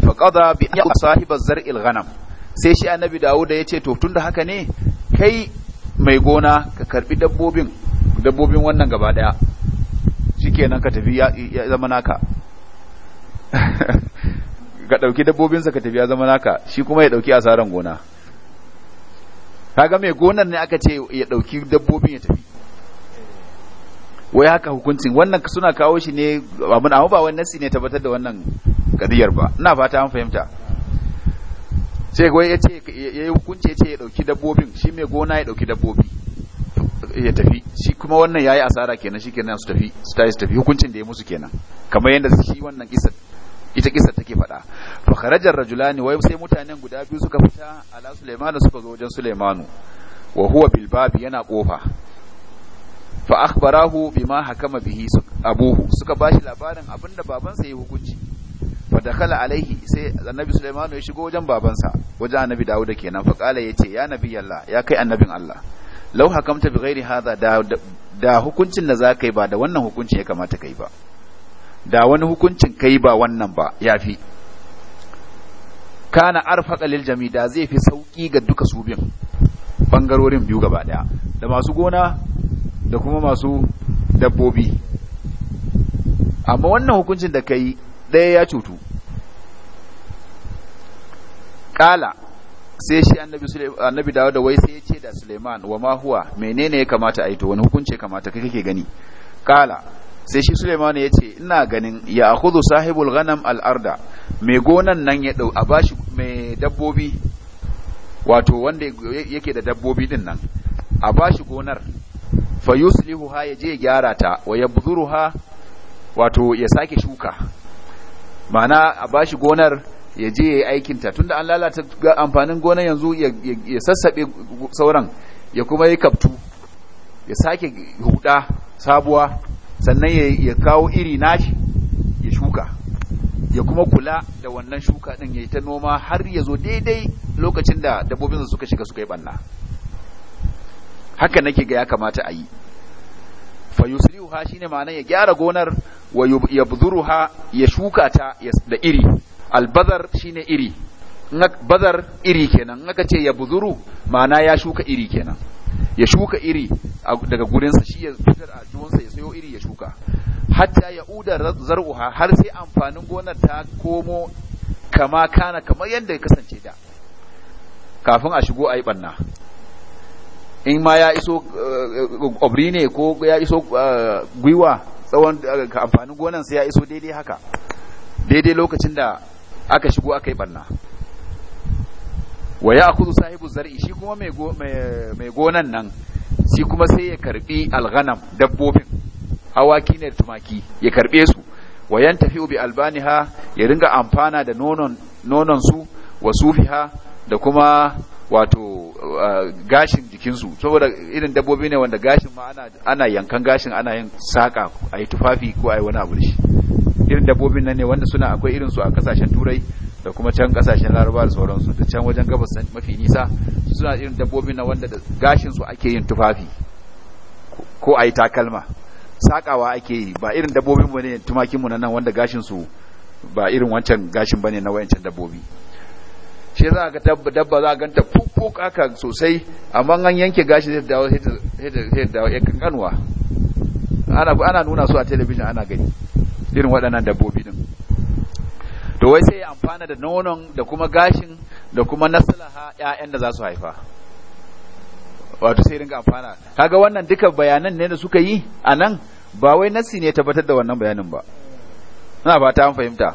fa qada bi sahiba zar'il ghanam sai shi annabi da ya ce to tun da haka ne kai mai gona ka karbi dabbobin dabbobin wannan gaba daya shikenan ka tafi ya zama naka ka ɗauki dabbobinsa ka tafi ya zama naka shi kuma ya ɗauki asaran gona kaga mai gonar ne aka ce ya ɗauki dabbobin ya tafi wai haka hukuncin wannan suna kawo shi ne abin amma ba wani si ne tabbatar da wannan kadiyar ba ina fata an fahimta sai wai ya ce ya yi hukunci ya ce ya ɗauki dabbobin shi mai gona ya ɗauki dabbobi ya tafi shi kuma wannan yayi asara kenan shikenan su tafi su tafi su tafi hukuncin da ya musu kenan kamar yadda shi wannan kisa ita kisa take faɗa fa kharajar rajulani wai sai mutanen guda biyu suka fita ala sulaimanu suka zo wajen sulaimanu wa huwa bil babi yana kofa fa akhbarahu bima hakama bihi abuhu suka bashi labarin abinda babansa yayi hukunci fa dakhala alaihi sai annabi sulaimanu ya shigo wajen babansa wajen annabi dawuda kenan fa kala yace ya nabi Allah ya kai annabin Allah lau hakamta bi gairi haza da hukuncin da ka yi ba da wannan hukuncin ya kamata ka yi ba da wani hukuncin ka yi ba wannan ba ya fi. kana arfa kalil jami da zai fi sauki ga duka su bin bangarorin biyu gaba daya da masu gona da kuma masu dabbobi amma wannan hukuncin da ka yi ɗaya ya cutu ƙala sai shi annabi annabi da wai sai ya ce da Suleiman wa ma huwa menene ya kamata ayi to wani hukunci kamata kai kake gani kala sai shi Suleiman ya ce ina ganin ya akhudhu sahibul ghanam al arda mai gonan nan ya dau a bashi mai dabbobi wato wanda yake da dabbobi din nan a bashi gonar fa yuslihuha ya je gyara ta wa yabdhuruha wato ya sake shuka ma'ana a bashi gonar ya je ya yi ta tunda an lalata amfanin gona yanzu ya sassaɓe sauran ya kuma yi kaftu ya sake huda sabuwa sannan ya kawo iri nashi ya shuka ya kuma kula da wannan shuka ɗin ya yi ta noma har ya zo daidai lokacin da dabbobin su suka shiga suka yi ɓanna haka nake ga ya kamata a yi fa shi shine ma'ana ya gyara gonar wa yabzuruha ya shuka ta da iri albazar shine iri bazar iri kenan in aka ce ya buzuru ma'ana ya shuka iri kenan ya shuka iri daga gurinsa shi ya fitar a juwansa ya sayo iri ya shuka hatta ya uda zar'uha har sai amfanin gonar ta komo kama kana kamar yadda ya kasance da kafin a shigo ayi yi ɓanna in ma ya iso eh, eh, obri ne ko ya iso eh, gwiwa tsawon amfanin gonan sai ya iso daidai haka daidai lokacin da aka shigo aka yi barna wa ya kudu sahibu zar'i shi kuma mai gonan nan shi kuma sai ya karbi alghanam dabbobin awaki ne da tumaki ya karbe su wa yan tafi bi albaniha ya ringa amfana da nonon su wa sufiha da kuma wato gashin jikinsu saboda irin dabbobi ne wanda gashin ma ana yankan gashin ana yin saka a yi tufafi ko a yi wani abu da shi irin dabbobin nan ne wanda suna akwai irin su a kasashen turai da kuma can kasashen laraba da sauransu da can wajen gabas mafi nisa suna irin dabbobin nan wanda da gashin su ake yin tufafi ko a yi takalma sakawa ake yi ba irin dabbobin mu ne tumakin mu nan wanda gashin su ba irin wancan gashin bane na wancan dabbobi shi za ka dabba za ganta fufuk aka sosai amma an yanke gashi zai dawo sai dawo ya kankanuwa ana nuna su a telebijin ana gani irin waɗannan dabbobi din to wai sai amfana da nonon da kuma gashin da kuma nasalaha ƴaƴan da za su haifa wato sai ringa amfana kaga wannan duka bayanan ne da suka yi a nan ba wai nassi ne tabbatar da wannan bayanin ba ina ba ta fahimta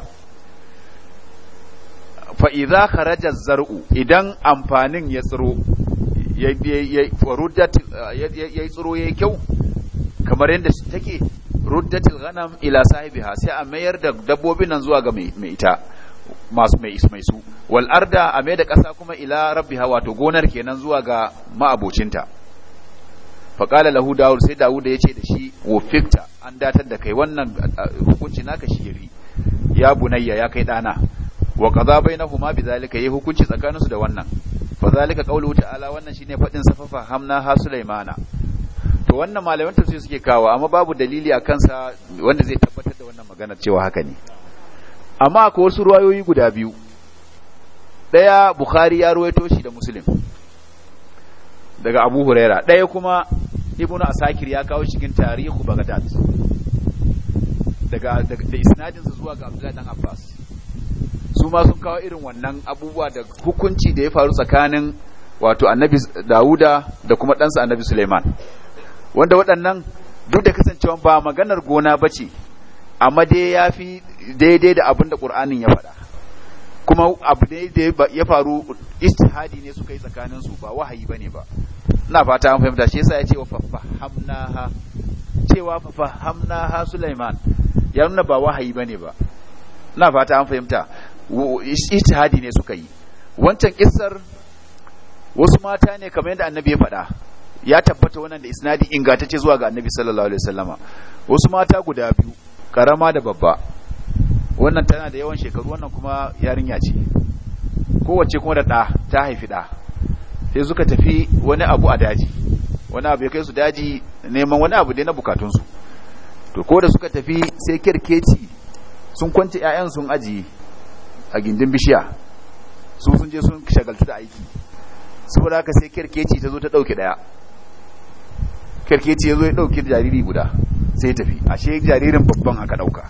fa idza kharaja zar'u idan amfanin ya tsiro ya ya ya tsiro yayi kyau kamar yadda take ruddatil ghanam ila sahibiha sai a mayar da dabbobin nan zuwa ga mai ita masu mai mai su wal arda a mai da ƙasa kuma ila rabbiha wato gonar kenan zuwa ga ma'abocinta fa qala lahu daud sai daud ya ce da shi wufikta an datar da kai wannan hukunci naka shiri ya bunayya ya kai dana wa qada bainahuma bidhalika yi hukunci tsakaninsu da wannan fa zalika qawluhu ta'ala wannan shine fadin safafa hamna ha sulaimana to wannan malaman tafsir suke kawo amma babu dalili a kansa wanda zai tabbatar da wannan magana cewa haka ne amma akwai wasu ruwayoyi guda biyu ɗaya bukhari ya ruwaito shi da muslim daga abu huraira ɗaya kuma ibnu asakir ya kawo cikin tarihu bagdad daga da isnadinsa zuwa ga abdullahi dan abbas su ma sun kawo irin wannan abubuwa da hukunci da ya faru tsakanin wato annabi dauda da kuma ɗansa annabi suleiman wanda waɗannan duk da kasancewa ba maganar gona ba ce amma dai ya fi daidai da abin da ƙur'anin ya faɗa kuma abu ne da ya faru istihadi ne suka yi tsakanin su ba wahayi ne ba ina fata an fahimta shi yasa ya ce wa ha. cewa ha Sulaiman ya nuna ba wahayi ne ba ina fata an fahimta istihadi ne suka yi wancan kissar wasu mata ne kamar yadda annabi ya faɗa ya tabbata wannan da isnadi ingantacce zuwa ga annabi sallallahu alaihi wasallama wasu mata guda biyu karama da babba wannan tana da yawan shekaru wannan kuma yarinya ce kowace kuma da ɗa ta haifi ɗa sai suka tafi wani abu a daji wani abu ya kai su daji neman wani abu dai na bukatunsu to ko da suka tafi sai kirkeci sun kwance ƴaƴan sun aji a gindin bishiya su sun je sun shagaltu da aiki saboda haka sai kirkeci ta zo ta ɗauki ɗaya kerkeci ya zo ya ɗauki jariri guda sai tafi ashe jaririn babban aka ɗauka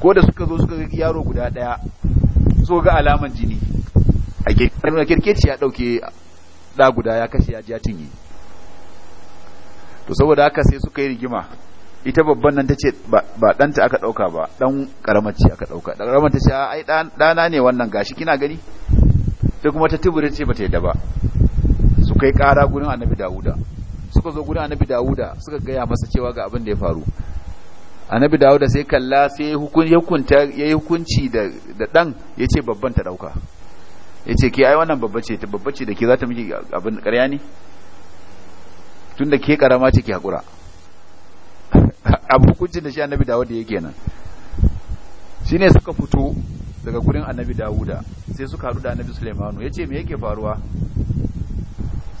ko da suka zo suka ga yaro guda ɗaya so ga alaman jini a kerkeci ya ɗauke ɗa guda ya kashe ya ji ya cinye to saboda haka sai suka yi rigima ita babban nan ta ce ba ɗanta aka ɗauka ba ɗan ƙaramar ce aka ɗauka ɗan ƙaramar ta ce ai ɗana ne wannan gashi kina gani sai kuma ta tubure ce ba ta yadda ba yi ƙara gurin annabi dawuda suka zo gurin annabi dawuda suka gaya masa cewa ga abin da ya faru annabi dawuda sai kalla sai ya yi hukunci da ɗan ya ce babban ta ɗauka ya ce ke ai wannan babba ce babba ce da ke za ta miki abin ƙarya ne tun da ke ƙarama ce ke haƙura abu hukuncin da shi annabi dawuda ya nan shi ne suka fito daga gurin annabi dawuda sai suka haɗu da annabi sulaimanu ya ce me yake faruwa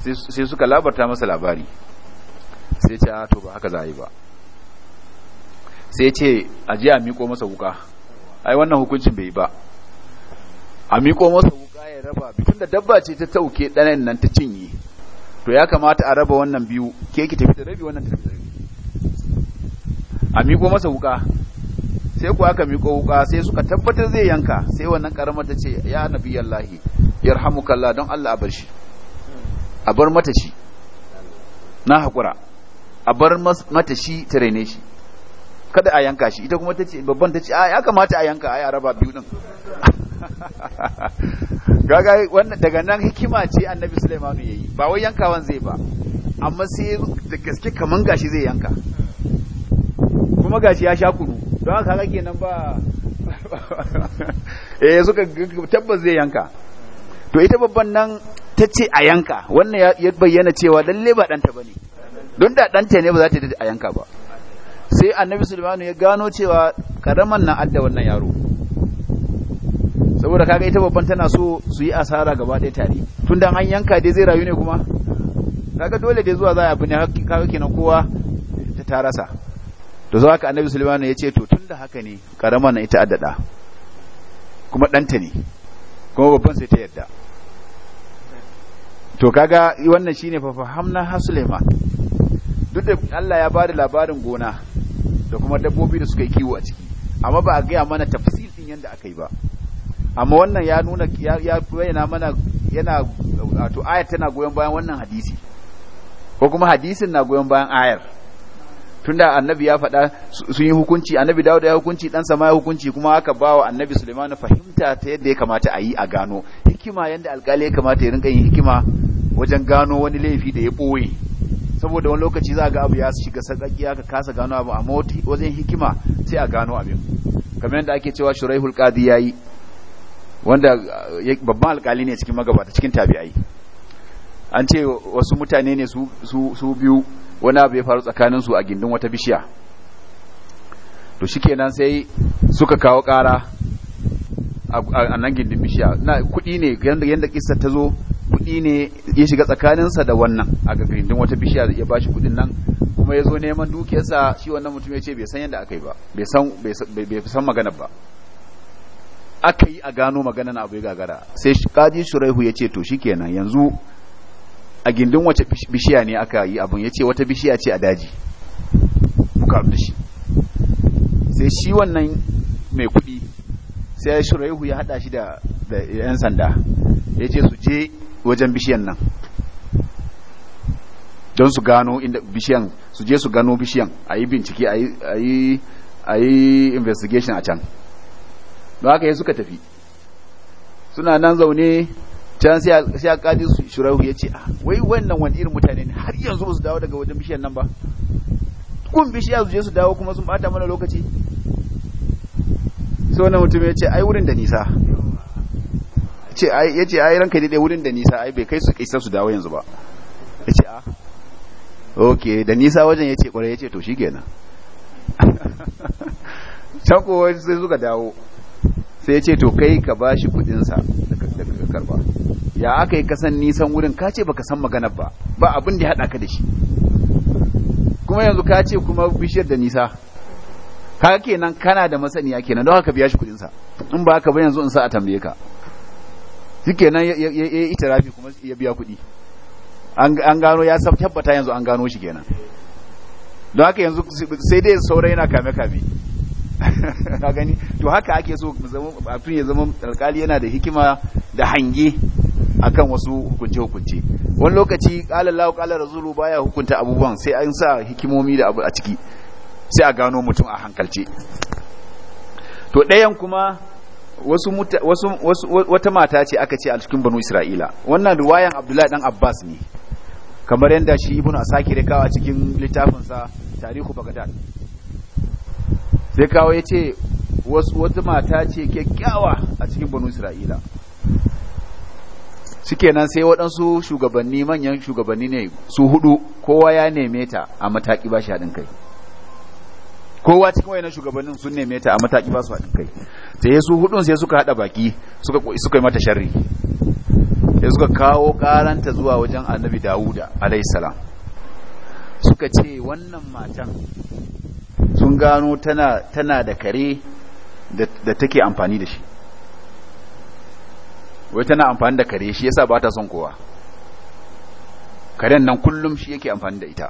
sai suka labarta masa labari sai ce a ah, to ba haka za a yi ba sai ce a ji a miƙo masa wuka ai wannan hukuncin bai ba a miƙo masa wuka ya raba bitun da dabba ce ta tauke ɗanayin nan ta cinye to ya kamata a raba wannan biyu ke ki tafi da rabi wannan tafi da rabi a miƙo masa wuka sai ku aka miƙo wuka sai suka tabbatar zai yanka sai wannan karamar ta ce ya nabi yallahi yarhamukallah don Allah a bar shi a bar mata shi na haƙura a bar mata shi ta raine shi kada a yanka shi ita kuma ta ce babban ta ce a ya kamata a yanka a yi araba biyu din gaga wannan daga nan hikima ce annabi sulaimanu ya yi ba wai yankawan zai ba amma sai da gaske kaman gashi zai yanka kuma gashi ya sha kunu don haka haka kenan ba eh suka tabbas zai yanka to ita babban nan ta ce a yanka wannan ya bayyana cewa lalle ba ɗanta ba ne don da ɗanta ne ba za ta yi a yanka ba sai annabi sulmanu ya gano cewa karaman na adda wannan yaro saboda kaga ita babban tana so su yi asara gaba ɗaya tare tun da an yanka dai zai rayu ne kuma kaga dole dai zuwa za a bune hakki kaga kenan kowa ta tarasa to zo haka annabi sulmanu ya ce to tun da haka ne karaman na ita addada kuma ɗanta ne kuma babban sai ta yarda to kaga wannan shine fa fahamna haslima duk da Allah ya bada labarin gona da kuma dabbobi da suka yi kiwo a ciki amma ba a gaya mana tafsil din yanda aka yi ba amma wannan ya nuna ya bayyana mana yana wato ayar tana goyon bayan wannan hadisi ko kuma hadisin na goyon bayan ayar tunda annabi ya faɗa sun yi hukunci annabi dawo da ya hukunci dan sama ya hukunci kuma aka bawa annabi Sulaiman fahimta ta yadda ya kamata a yi a gano hikima yanda alƙali ya kamata ya rinka yin hikima wajen gano wani laifi da ya ɓoye saboda wani lokaci za a ga abu ya shiga sarƙaƙi ka kasa gano abu amma wajen hikima sai a gano abin kamar yadda ake cewa shuraihul qadi yayi wanda uh, babban alƙali ne cikin magabata cikin tabi'ai an ce wasu mutane ne su biyu wani abu ya faru tsakanin su a gindin wata bishiya to shikenan sai suka kawo ƙara a nan gindin bishiya na kuɗi ne yadda kissa ta zo kuɗi ne ya shiga tsakaninsa da wannan a gindin wata bishiya ya bashi kuɗin nan kuma ya zo neman dukiyarsa shi wannan mutum ya ce bai san yadda aka yi ba bai san magana ba aka yi a gano maganan abu ya gagara sai kaji shuraihu ya ce to shikenan yanzu a gindin wace bishiya ne aka yi abun ya ce wata bishiya ce a daji muka da shi sai shi wannan mai kuɗi sai shuraihu ya haɗa shi da 'yan sanda ya ce su je wajen bishiyan nan don su gano inda bishiyan su je su gano bishiyan a yi bincike a yi investigation a can don haka yi suka tafi suna nan zaune can sai a kaji shirahu ya ce ah, wai wannan wani irin mutane ne har yanzu ba su dawo daga wajen bishiyan nan ba kun bishiya su je su dawo kuma sun bata mana lokaci sai wannan mutum ya ce ai wurin da nisa ce ya ce ai ranka daidai wurin da nisa ai bai kai su isa su dawo yanzu ba ya ce a ah, ok da nisa wajen ya ce kwarai ya ce to shi kenan can kowa sai suka dawo sai ya ce to kai ka ba shi kudinsa daga karba ya aka yi kasan nisan wurin ka ce baka san maganar ba ba abin da ya haɗa ka da shi kuma yanzu ka ce kuma bishiyar da nisa ka kenan kana da masaniya kenan don haka biya shi kudinsa in ba haka ba yanzu in sa a tambaye ka nan ya yi itirafi kuma ya biya kuɗi an gano ya tabbata yanzu an gano shi kenan don haka yanzu sai dai saurayi na kame-kame na gani to haka ake so abin ya zama alkali yana da hikima da hange akan wasu hukunce-hukunce wani lokaci ƙalar lawo ƙalar razulu baya hukunta abubuwan sai an sa hikimomi da abu a ciki sai a gano mutum a hankalce to ɗayan kuma wasu wasu wata mata ce aka ce a cikin banu isra'ila wannan riwayan abdullahi dan abbas ne kamar yadda shi ibn asakir ya kawo a cikin littafinsa tarihu bagdad sai kawo ya ce wata mata ce kyakkyawa a cikin banu isra'ila shikenan sai waɗansu shugabanni manyan shugabanni ne su hudu kowa ya neme ta a mataki ba shi haɗin kai kowa cikin wayannan shugabannin sun neme ta a mataki ba su haɗin kai sai su hudun sai suka haɗa baki suka suka yi mata sharri sai suka kawo karanta zuwa wajen annabi dawuda alayhi salam suka ce wannan matan sun gano tana tana da kare da take amfani da shi wai tana amfani da kare shi yasa ba ta son kowa karen nan kullum shi yake amfani da ita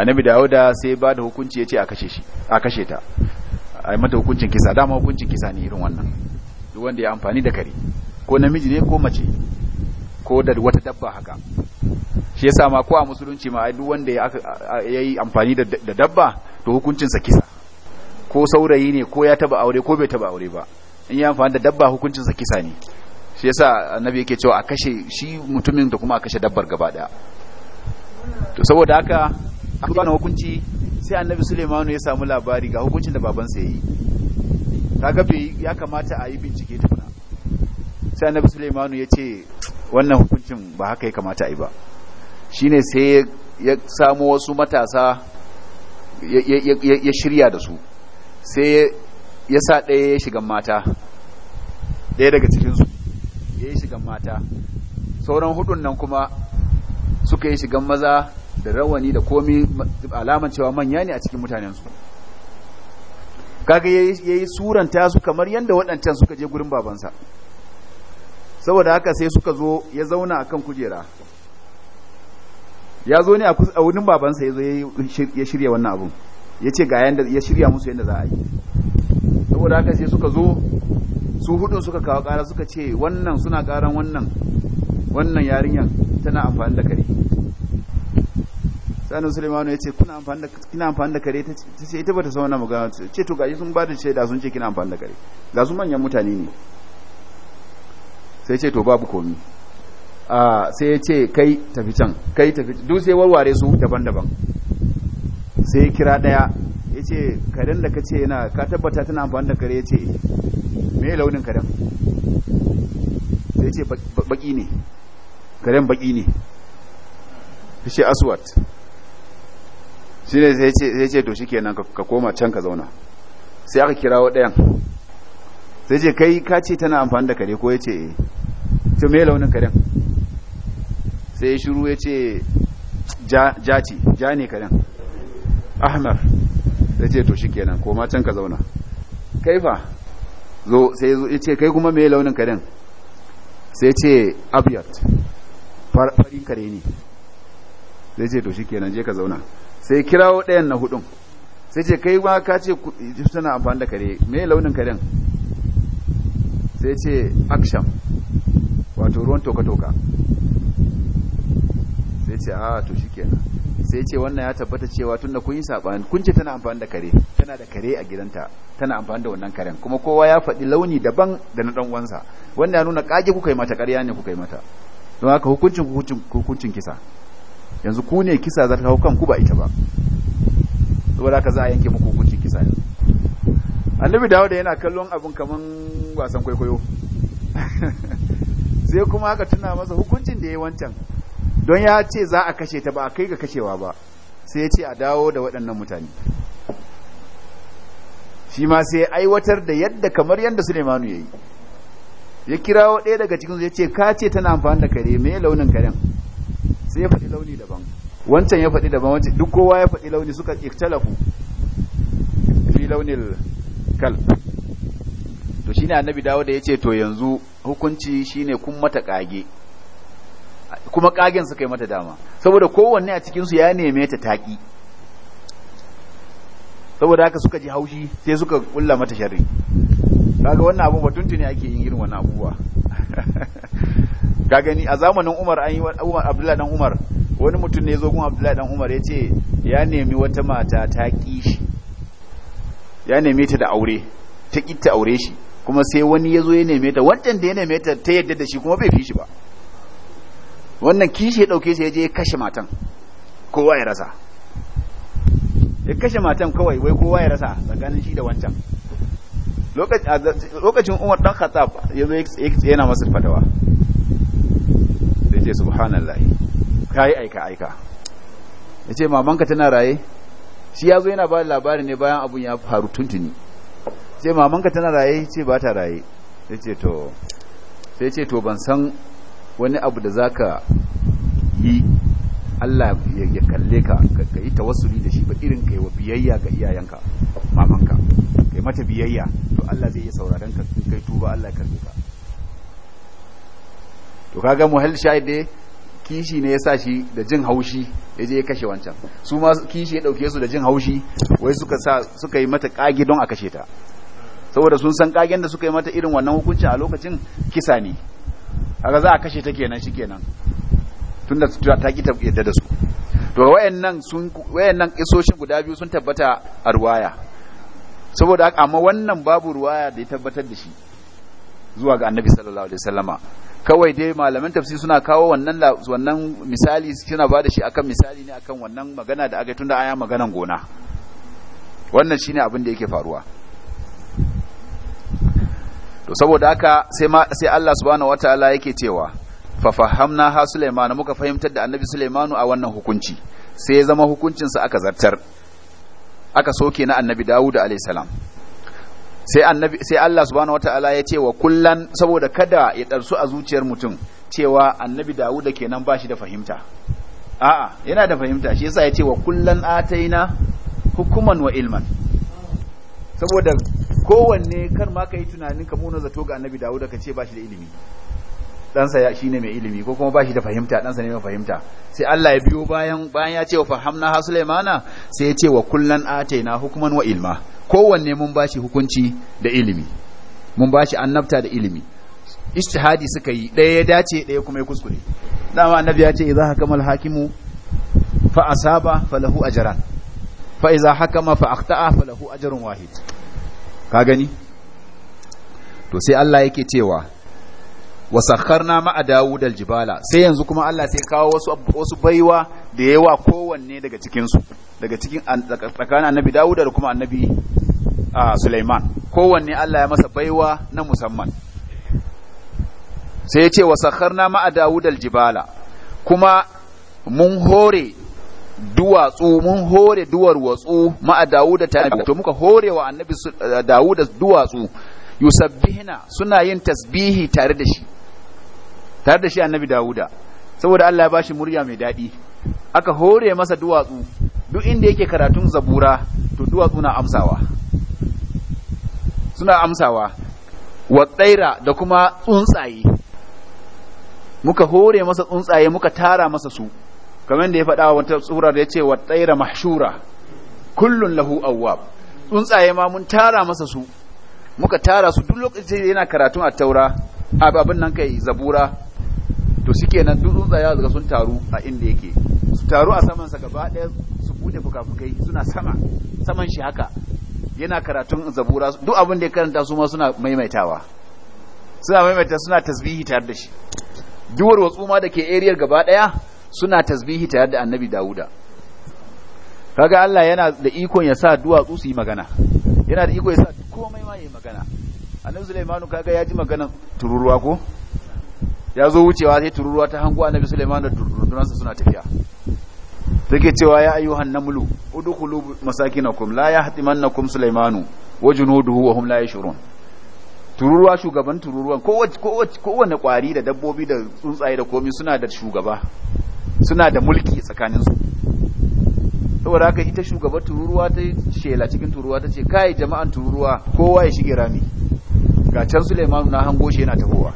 annabi dauda sai ba da hukunci yace a kashe shi a kashe ta a mata hukuncin kisa dama hukuncin kisa ne irin wannan duk wanda ya amfani da kare ko namiji ne ko mace ko da wata dabba haka shi yasa ma ko a musulunci ma duk wanda ya yi amfani da dabba to hukuncinsa kisa ko saurayi ne ko ya taba aure ko bai taba aure ba in ya amfani da dabba hukuncinsa kisa ne shi yasa annabi yake cewa a kashe shi mutumin da kuma a kashe dabbar gaba daya to saboda haka aka hukunci sai annabi sulemanu ya samu labari ga hukuncin da babansa yi yi bai ya kamata a yi bincike tukuna sai annabi sulemanu ya ce wannan hukuncin ba haka ya kamata a yi ba Shi ne sai ya samu wasu matasa ya shirya da su sai ya sa ɗaya ya shiga mata ɗaya daga cikinsu ya yi shiga mata sauran hudun nan kuma suka yi shigan maza da rawani da komi alaman cewa manya ne a cikin mutanensu kaga yayi suranta su kamar yadda waɗancan suka je gurin babansa saboda haka sai suka zo ya zauna akan kujera ya zo ne a wurin babansa ya zo ya shirya wannan abun ya ce ga yadda ya shirya musu yadda za a yi saboda haka sai suka zo su hudun suka kawo kara suka ce wannan suna karan wannan wannan yarinyar tana amfani da kare sanin sulemanu ya ce kina amfani da kare ta ce ita ba ta sauna magana ce to gaji sun ba da ce da sun ce kina amfani da kare ga su manyan mutane ne sai ce to babu komi sai ya ce kai tafi can kai tafi duk sai warware su daban-daban sai ya kira daya ya ce karen da ka ce yana ka tabbata tana amfani da kare ya ce me launin karen sai ce baki ne karen baki ne shi aswat shi ne sai ce to shi kenan ka koma can ka zauna sai aka kirawo ɗayan sai ce kai ka ce tana amfani da kare ko ya ce ce eh. to me launin karen sai ya shuru ya ce ja ce ja ne karen ahmar sai ce to shi kenan koma can ka zauna kai zo sai ya ce kai kuma me launin karen sai ce abiyat fari kare ne sai ce to shi kenan je ka zauna sai kirawo ɗayan na hudun sai ce kai ma ka ce suna amfani da kare me launin karen sai ce aksham wato ruwan toka-toka sai ce a ah, to kenan sai ce wannan ya tabbata cewa tun da kun yi saɓani kun ce tana amfani da kare tana da kare a gidanta tana amfani da wannan karen kuma kowa ya faɗi launi daban da na ɗan wansa wannan ya nuna ƙage kuka yi mata ƙarya ne kuka yi mata don haka hukuncin hukuncin kisa yanzu ku ne kisa za ta hau ku ba ita ba saboda haka za a yanke muku hukuncin kisa yanzu annabi dawo da yana kallon abin kaman wasan kwaikwayo sai kuma aka tuna masa hukuncin da ya yi wancan don ya ce za a kashe ta ba a kai ga kashewa ba sai ya ce a dawo da waɗannan mutane shi ma sai aiwatar da yadda kamar yadda Suleimanu ya yi ya kirawo ɗaya daga cikin ya ce ka ce tana amfani da kare me launin karen sai ya faɗi launi daban wancan ya faɗi daban wancan duk kowa ya faɗi launi suka iktalafu fi launin kal. to shine annabi dawo da ya ce to yanzu hukunci shine kun mata kage kuma kagen suka yi mata dama saboda kowanne a cikinsu ya neme ta taƙi saboda haka suka ji haushi sai suka kulla mata sharri kaga wannan abun ba tuntuni ake yin irin wannan abubuwa kaga ni a zamanin Umar an yi Umar Abdullahi dan Umar wani mutum ne zo gun Abdullahi dan Umar ya ce ya nemi wata mata ta ki shi ya neme ta da aure ta ki ta aure shi kuma sai wani ya zo ya neme ta wancan da ya neme ta ta yadda da shi kuma bai fi shi ba wannan kishi ya dauke sai ya je ya kashe matan kowa ya rasa ya kashe matan kawai wai kowa ya rasa tsakanin shi da wancan lokacin umar dan khattab ya zo yana masu fatawa sai ce subhanallah kai aika aika ya ce mamanka tana raye shi ya zo yana ba labari ne bayan abun ya faru tuntuni ce mamanka tana raye ce ba ta raye ya ce to sai ce to ban san wani abu da zaka yi Allah ya kalle ka ka yi tawassuli da shi ba irin kai wa biyayya ga iyayenka mamanka kai mata biyayya to Allah zai iya sauraron ka kai tuba Allah ka ka to kaga muhal shayi ne kishi ne ya sa shi da jin haushi ya je ya kashe wancan su ma kishi ya dauke su da jin haushi wai suka sa suka yi mata kage don a kashe ta saboda sun san kagen da suka yi mata irin wannan hukuncin a lokacin kisa ne haka za a kashe ta kenan shi kenan tunda ta ki yadda da su to wayannan sun wayannan isoshin guda biyu sun tabbata a ruwaya saboda haka amma wannan babu ruwaya da ya tabbatar da shi zuwa ga annabi sallallahu alaihi wasallama kawai dai malaman tafsir suna kawo wannan wannan misali suna ba da shi akan misali ne akan wannan magana da aka tunda aya maganan gona wannan shine abin da yake faruwa to saboda haka sai sai Allah subhanahu wataala yake cewa fa fahamna ha Sulaiman muka fahimtar da annabi Sulaimanu a wannan hukunci sai ya zama hukuncinsa aka zartar aka soke na annabi Dawud alayhi salam sai annabi sai Allah subhanahu wataala ya ce wa kullan saboda kada ya darsu a zuciyar mutum cewa annabi Dawud kenan bashi da fahimta a'a yana da fahimta shi yasa ya ce wa kullan ataina hukuman wa ilman saboda kowanne kar ma kai tunanin ka muna zato ga annabi Dawud ka ce bashi da ilimi ɗansa shi ne mai ilimi ko kuma ba shi da fahimta ɗansa ne mai fahimta sai Allah ya biyo bayan bayan ya ce wa fahamna ha Sulaimana sai ya ce wa kullan ataina hukuman wa ilma kowanne mun ba shi hukunci da ilimi mun ba shi annabta da ilimi istihadi suka yi ɗaya ya dace ɗaya kuma ya kuskure dama annabi ya ce idza hakama al-hakimu fa asaba falahu ajran fa idza hakama fa akhta'a falahu ajrun wahid ka gani to sai Allah yake cewa wa sakharna ma'a Dawud al-jibala sai yanzu kuma Allah sai kawo wasu wasu baiwa da yawa kowanne daga cikin su daga cikin tsakanin annabi Dawud da kuma annabi Sulaiman kowanne Allah ya masa baiwa na musamman sai ya ce wa sakharna ma'a Dawud al-jibala kuma mun hore duwatsu mun hore duwar watsu ma'a Dawud ta to muka hore wa annabi eh, Dawud duwatsu yusabbihina suna yin tasbihi tare da shi tare da shi annabi dawuda saboda Allah ya bashi murya mai dadi aka hore masa duwatsu duk inda yake karatun zabura to duwatsu na amsawa suna amsawa wa tsaira da kuma tsuntsaye muka hore masa tsuntsaye muka tara masa su kamar da ya faɗa wata tsura da ya ce wa tsaira mahshura kullun lahu awwab tsuntsaye ma mun tara masa su muka tara su duk lokacin yana karatun a taura abin nan kai zabura to nan, duk tsuntsaye za sun taru a inda yake su taru a saman sa gaba ɗaya su buɗe fukafukai suna sama saman shi haka yana karatun zabura duk abin da ya karanta su ma suna maimaitawa suna maimaita suna tasbihi tare da shi duwar wasu ma da ke ariyar gaba ɗaya suna tasbihi tare da annabi dawuda kaga Allah yana da ikon ya sa duwatsu su yi magana yana da ikon ya sa komai ma ya yi magana annabi ka kaga ya ji maganan tururuwa ko ya zo wucewa sai tururuwa ta na annabi Suleiman da rundunansa suna tafiya take cewa ya ayyuhan namlu udkhulu masakinakum la yahtimannakum Sulaimanu wa junuduhu wa hum la yashurun tururuwa shugaban tururuwan kowane kwari da dabbobi da tsuntsaye da komi suna da shugaba suna da mulki tsakaninsu saboda haka ita shugaban tururuwa ta shela cikin tururuwa ta ce kai jama'an tururuwa kowa ya shige rami ga can Suleiman na hango shi yana tahowa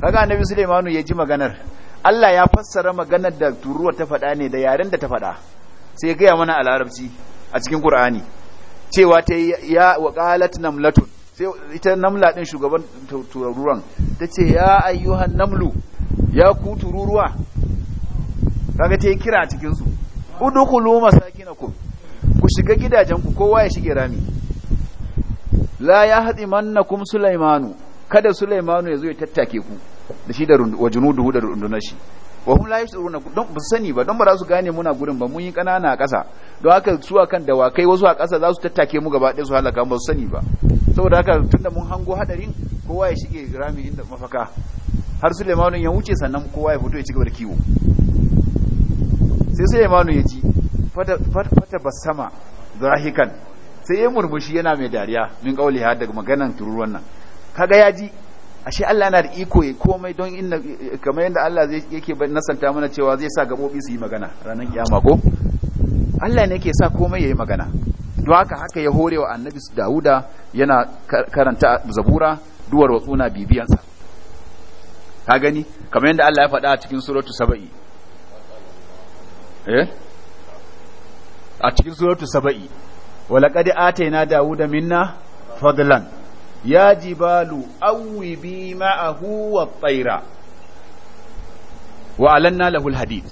kaga annabi Sulaiman ya ji maganar Allah ya fassara maganar da turuwa ta faɗa ne da yaren da ta faɗa sai gaya mana a larabci a cikin Qur'ani cewa ta ya waqalat namlatun sai ita namla din shugaban tururuwan tace ya ayyuhan namlu ya ku tururuwa kaga ta yi kira a cikin su udkhulu masakinakum ku shiga gidajenku kowa ya shige rami la ya haɗi mannakum sulaimanu kada sulaimanu ya zo ya tattake ku da shi da wa junudu da rundunar shi wa hum la yashuruna don ba sani ba don ba za su gane muna gurin ba mun yi kanana a ƙasa don haka su a akan dawakai wasu a ƙasa za su tattake mu gaba ɗaya su halaka ba su sani ba saboda haka tunda mun hango hadarin kowa ya shige rami inda mafaka har Suleimanu ya wuce sannan kowa ya fito ya cigaba da kiwo sai Suleimanu ya ji fata fata basama zahikan sai ya murmushi yana mai dariya min kauli ha daga maganan tururuwan nan kaga ya ji ashe Allah yana da iko ya komai don inna kamar yadda Allah zai yake nasanta mana cewa zai sa gabobi su yi magana ranar kiyama ko Allah ne yake sa komai yayi magana don haka haka ya horewa annabi Dawuda yana karanta zabura duwar watsuna bibiyansa ka gani kamar yadda Allah ya faɗa a cikin suratu saba'i eh a cikin suratu saba'i walaqad atayna dawuda minna fadlan ya jibalu bi ma'ahu wa tsaira wa alanna lahul hadid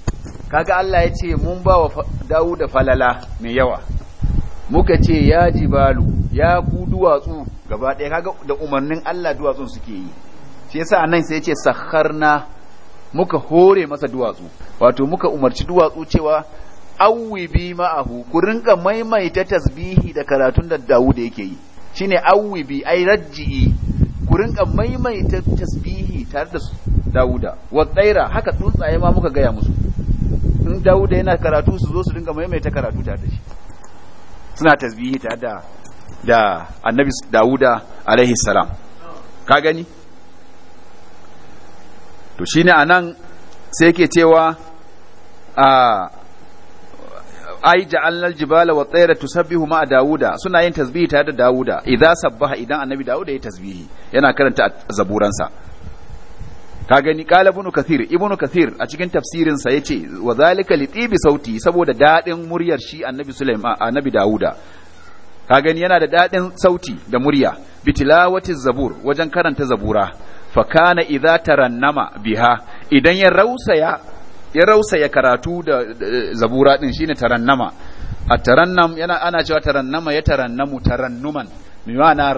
kaga Allah ya ce mun ba wa Dawuda falala mai yawa muka ce ya jibalu ya ku duwatsu gaba ɗaya kaga da umarnin Allah duwatsu suke yi shi yasa nan sai ya ce sakharna muka hore masa duwatsu wato muka umarci duwatsu cewa awwi bi ma'ahu ku rinka maimaita tasbihi da karatun da Dawud yake yi shine awwibi ay rajji'i ku rinka maimaita tasbihi tare da dauda wa tsaira haka tsuntsaye ma muka gaya musu in Dauda yana karatu su zo su rinka maimaita karatu tare da shi suna tasbihi tare da da annabi Dawuda alaihi salam ka gani to shine anan sai yake cewa a ai ja'alnal jibala wa tsaira tusabbihu ma dauda suna yin tasbihi tare da dauda idza sabbaha idan annabi Dawuda ya tasbihi yana karanta zaburansa ka gani qala ibnu kathir ibnu kathir a cikin tafsirin sa yace wa zalika li tibi sauti saboda dadin muryar shi annabi sulaiman annabi dauda ka gani yana da dadin sauti da murya bitilawati zabur wajen karanta zabura fa kana idza tarannama biha idan ya rausaya ya rausaya karatu da zabura din shine tarannama a tarannam yana ana cewa tarannama ya tarannamu tarannuman mai ma'ana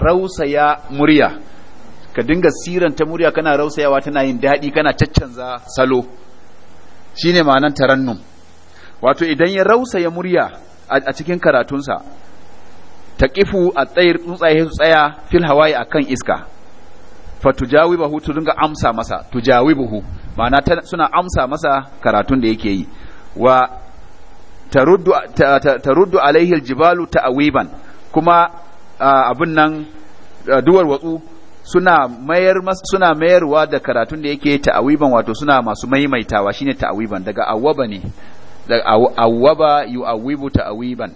ya murya ka dinga siran ta murya kana rausayawa tana yin daɗi kana caccanza salo shine ma'anan tarannum wato idan ya rausa ya murya a cikin karatunsa kifu a tsayar tsuntsaye su tsaya fil hawaye a kan iska fatujawibahu tu dinga amsa masa tujawibuhu ma'ana suna amsa masa karatun da yake yi wa taruddu ta, ta, taruddu alaihi aljibalu ta'wiban kuma abin nan duwar watsu suna mayar suna mayarwa da karatun da yake ta'wiban wato suna masu maimaitawa shine ta'wiban daga awwaba ne daga awwaba yu'awibu ta'wiban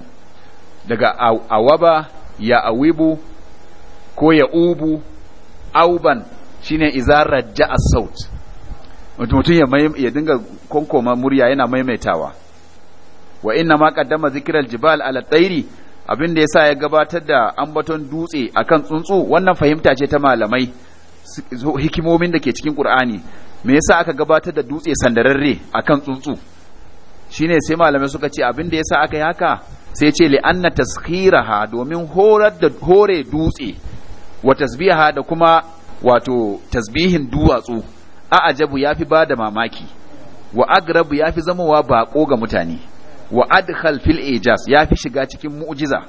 daga awwaba ya awibu ko ya ubu auban shine izarar rajja as-saut mutum ya dinga konkoma murya yana maimaitawa wa inna ma qaddama zikral jibal ala tayri abin da yasa ya gabatar da ambaton dutse akan tsuntsu wannan fahimta ce ta malamai hikimomin da ke cikin Qur'ani me yasa aka gabatar da dutse sandararre akan tsuntsu shine sai malamai suka ce abin da yasa aka yi haka sai ce li anna taskhiraha domin horar da hore dutse wa tasbiha da kuma wato tasbihin duwatsu a ajabu ba da mamaki wa agrabu yafi zamowa bako ga mutane wa adkhal fil ijaz yafi shiga cikin mu'jiza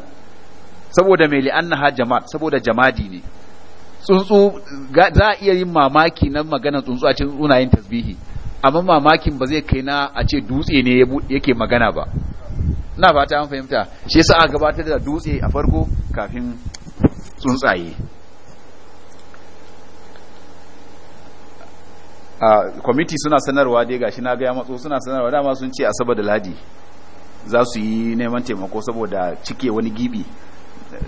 saboda mai li'annaha jama'a saboda jamadi ne tsuntsu za a iya yin mamaki na magana tsuntsu a cikin tsunayen tasbihi amma mamakin ba zai kai na a ce dutse ne yake magana ba na fata an fahimta shi yasa a gabatar da dutse a farko kafin tsuntsaye a kwamiti suna sanarwa dai gashi na gaya matso suna sanarwa dama sun ce asabar da ladi za su yi neman taimako saboda cike wani gibi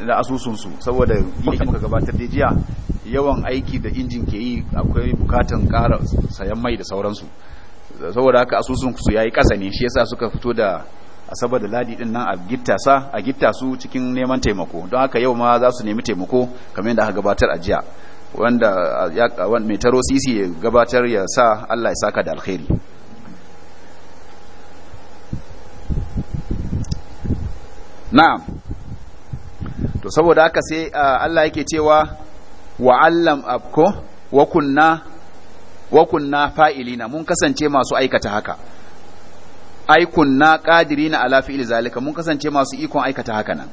na asusunsu saboda yi muka gabatar da jiya yawan aiki da injin ke yi akwai bukatan kara sayan mai da sauransu saboda haka asusunsu ya yi kasa ne shi yasa suka fito da asabar da ladi din nan a gittasa a gittasu cikin neman taimako don haka yau ma za su nemi taimako kamar yadda aka gabatar a jiya wanda mai taro sisi ya gabatar ya sa Allah ya saka da alkhairi na'am to saboda haka sai Allah yake cewa wa'allam abko wa kunna wa kunna fa'ilina mun kasance masu aikata haka ai kunna qadirina ala fi'li zalika mun kasance masu ikon aikata haka nan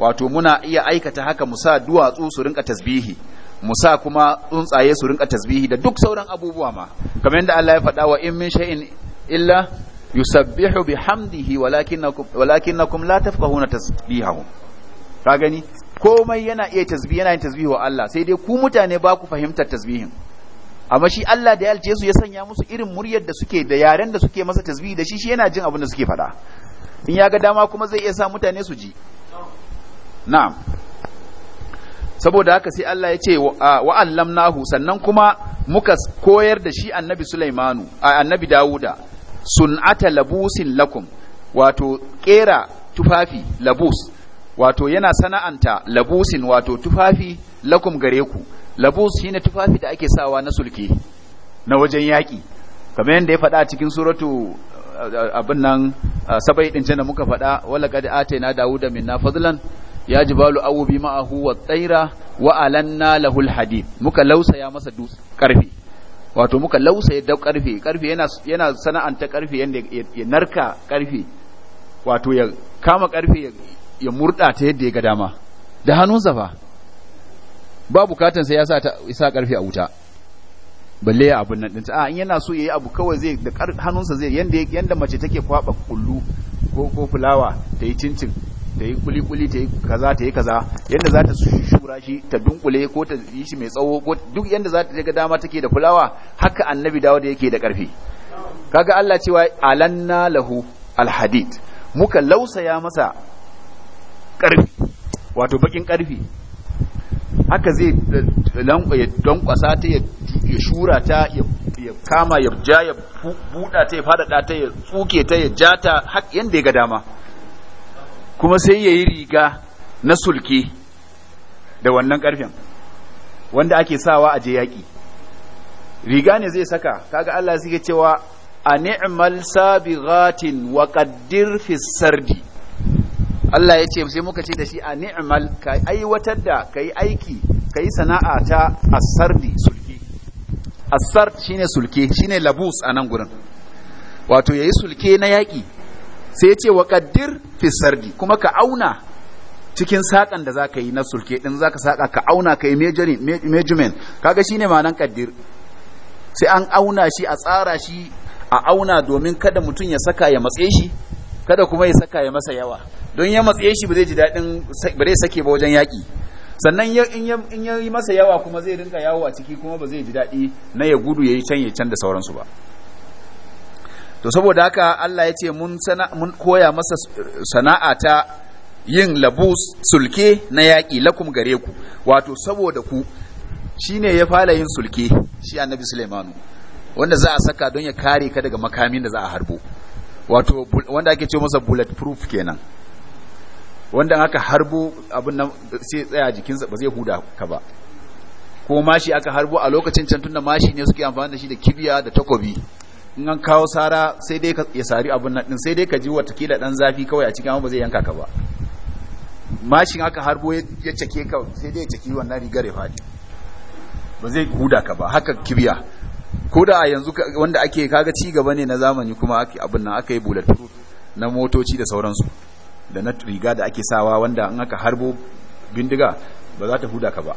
wato muna iya aikata haka mu sa duwatsu su rinka tasbihi musa kuma tsuntsaye su rinka tasbihi da duk sauran abubuwa ma kamar yadda Allah ya faɗa wa in min shay'in illa yusabbihu bihamdihi walakinakum walakinakum la tafqahuna tasbihahu ka gani komai yana iya tasbih yana yin tasbihi wa Allah sai dai ku mutane ba ku fahimtar tasbihin amma shi Allah da ya alce su ya sanya musu irin muryar da suke da yaren da suke masa tasbihi da shi shi yana jin abin da suke faɗa in ya ga dama kuma zai iya sa mutane su ji na'am saboda haka sai Allah ya ce wa'allamnahu sannan kuma muka koyar da shi annabi Sulaimanu annabi Dawuda sun'ata labusin lakum wato kera tufafi labus wato yana sana'anta labusin wato tufafi lakum gare ku labus shine tufafi da ake sawa na sulke na wajen yaki kamar yadda ya faɗa cikin suratu abin nan sabai ɗin da muka faɗa wala qad atayna dawuda minna fadlan ya jibalu awobi ma'ahu wa tsaira wa alanna lahul hadid muka lausaya masa dutse karfe wato muka lausaya da karfe karfe yana yana sana'anta karfe yanda ya narka karfe wato ya kama karfe ya murda ta yadda ya ga dama da hannunsa fa ba bukatan sai ya sa ta isa karfe a wuta balle ya abun nan dinta a in yana so yayi abu kawai zai da hannunsa zai yanda yanda mace take kwaba kullu ko ko fulawa ta yi cincin ta yi kuli-kuli ta yi kaza ta yi kaza yadda za ta shura shi ta dunkule ko ta yi shi mai tsawo ko duk yadda za ta ga dama take da fulawa haka annabi dawo da yake da karfi kaga Allah cewa alanna lahu alhadid muka lausaya masa ƙarfi wato bakin karfi haka zai kwasa ta ya shura ta ya kama ya ja ya buɗa ta ya faɗaɗa ta ya tsuke ta ya ja ta yadda ya ga dama kuma sai ya yi riga na sulke da wannan ƙarfen wanda ake sawa a je yaƙi riga ne zai saka kaga Allah suke cewa a ni'mal sabighatin wa qaddir fi sardi Allah ya ce sai muka ce da shi a ni'mal ka aiwatar da kai aiki kai sana'a ta asardi sulke asard shine sulke shine labus a nan gurin wato yayi sulke na yaƙi sai ya ce wa kaddir fi sardi kuma ka auna cikin saƙan da zaka yi na sulke din zaka saka ka auna kai ka kaga shine ma'anan kaddir sai an auna shi a tsara shi a auna domin kada mutum ya saka ya matse shi kada kuma ya saka ya masa yawa don ya matse shi ba zai ji daɗin ba zai sake ba wajen yaki sannan in ya yi masa yawa kuma zai rinka yawo a ciki kuma ba zai ji daɗi na ya gudu ya yi can ya can da sauransu ba to saboda haka Allah ya ce mun mun koya masa sana'a ta yin labus sulke na yaki, lakum gare ku wato saboda ku shine ya fara yin sulke shi annabi Sulaimanu wanda za a saka don ya kare ka daga makamin da za a harbo wato wanda ake ce masa bulletproof kenan wanda aka harbo abin nan sai tsaya jikinsa ba zai huda ka ba ko mashi aka harbo a lokacin can tunda mashi ne suke amfani da shi da kibiya da takobi in an kawo sara sai dai ya sari abin nan sai dai ka ji watakila dan zafi kawai a cikin amma ba zai yanka ka ba mashin aka harbo ya cake ka sai dai ya cake wannan rigar ya faɗi ba zai huda ka ba haka kibiya ko da yanzu wanda ake kaga ci gaba ne na zamani kuma ake abin nan aka yi bulletproof na motoci da sauransu da na riga da ake sawa wanda in aka harbo bindiga ba za ta huda ka ba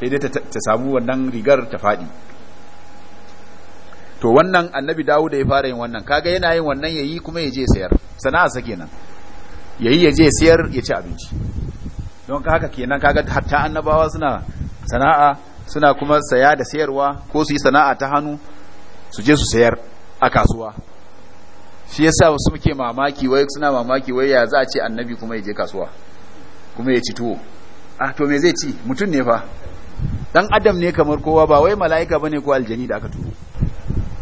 sai dai ta samu wannan rigar ta faɗi to wannan annabi dawo da ya fara yin wannan kaga yana yin wannan ya yi kuma ya je sayar sana'a sa kenan nan, ya je sayar ya ci abinci don ka haka kenan kaga hatta annabawa suna sana'a suna kuma saya da sayarwa ko su yi sana'a ta hannu su je su sayar a kasuwa shi yasa wasu muke mamaki wai suna mamaki wai ya za a ce annabi kuma ya je kasuwa kuma ya ci tuwo ah to me zai ci mutum ne fa dan adam ne kamar kowa ba wai mala'ika bane ko aljani da aka turo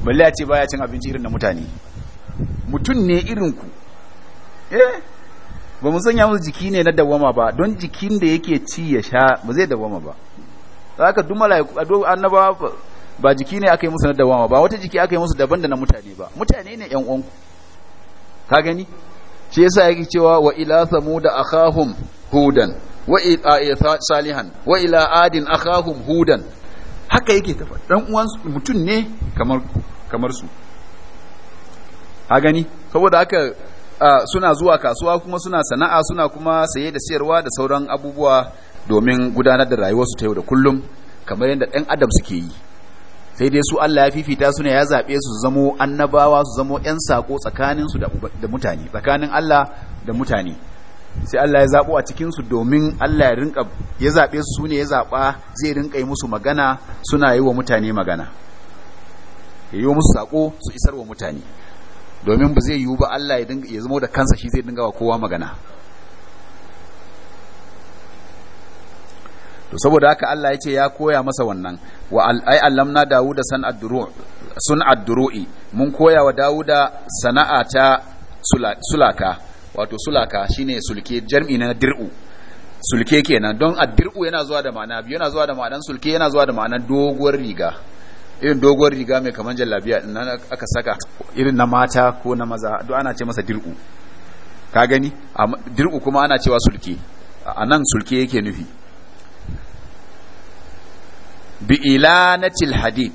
balle ya ce baya cin abinci irin na mutane mutum ne irin ku eh ba mu sanya musu jiki ne na dawama ba don jikin da yake ci ya sha ba zai dawama ba haka duk malaiku annabawa ba jiki ne aka yi musu na dawama ba wata jiki aka yi musu daban da na mutane ba mutane ne yan uwanku ka gani shi yasa yake cewa wa ila samuda akhahum hudan wa ila salihan wa ila adin akhahum hudan haka yake tafa dan uwan mutum ne kamar ku kamar su ha gani saboda haka suna zuwa kasuwa kuma suna sana'a suna kuma saye da sayarwa da sauran abubuwa domin gudanar da rayuwarsu ta yau da kullum kamar yadda ɗan adam suke yi sai dai su Allah ya fifita su ne ya zaɓe su zamo annabawa su zamo 'yan saƙo su da mutane tsakanin Allah da mutane sai Allah ya zaɓo a cikin su domin Allah ya rinka ya zaɓe su ne ya zaɓa zai rinka yi musu magana suna yi wa mutane magana ya yi musu sako su isar wa mutane domin ba zai yiwu ba Allah ya zama da kansa shi zai dinga wa kowa magana to saboda haka Allah ya ce ya koya masa wannan wa ai allamna dawuda sun adduru'i mun koya wa dawuda sana'a ta sulaka wato sulaka shine sulke jarmi na dir'u sulke kenan don addir'u yana zuwa da ma'ana biyu yana zuwa da ma'anan sulke yana zuwa da ma'anan doguwar riga irin dogon riga mai kamar jallabiya din nan aka saka irin na mata ko na maza duk ana ce masa dirku ka gani dirku kuma ana cewa sulke a nan sulke yake nufi bi ilanatil hadid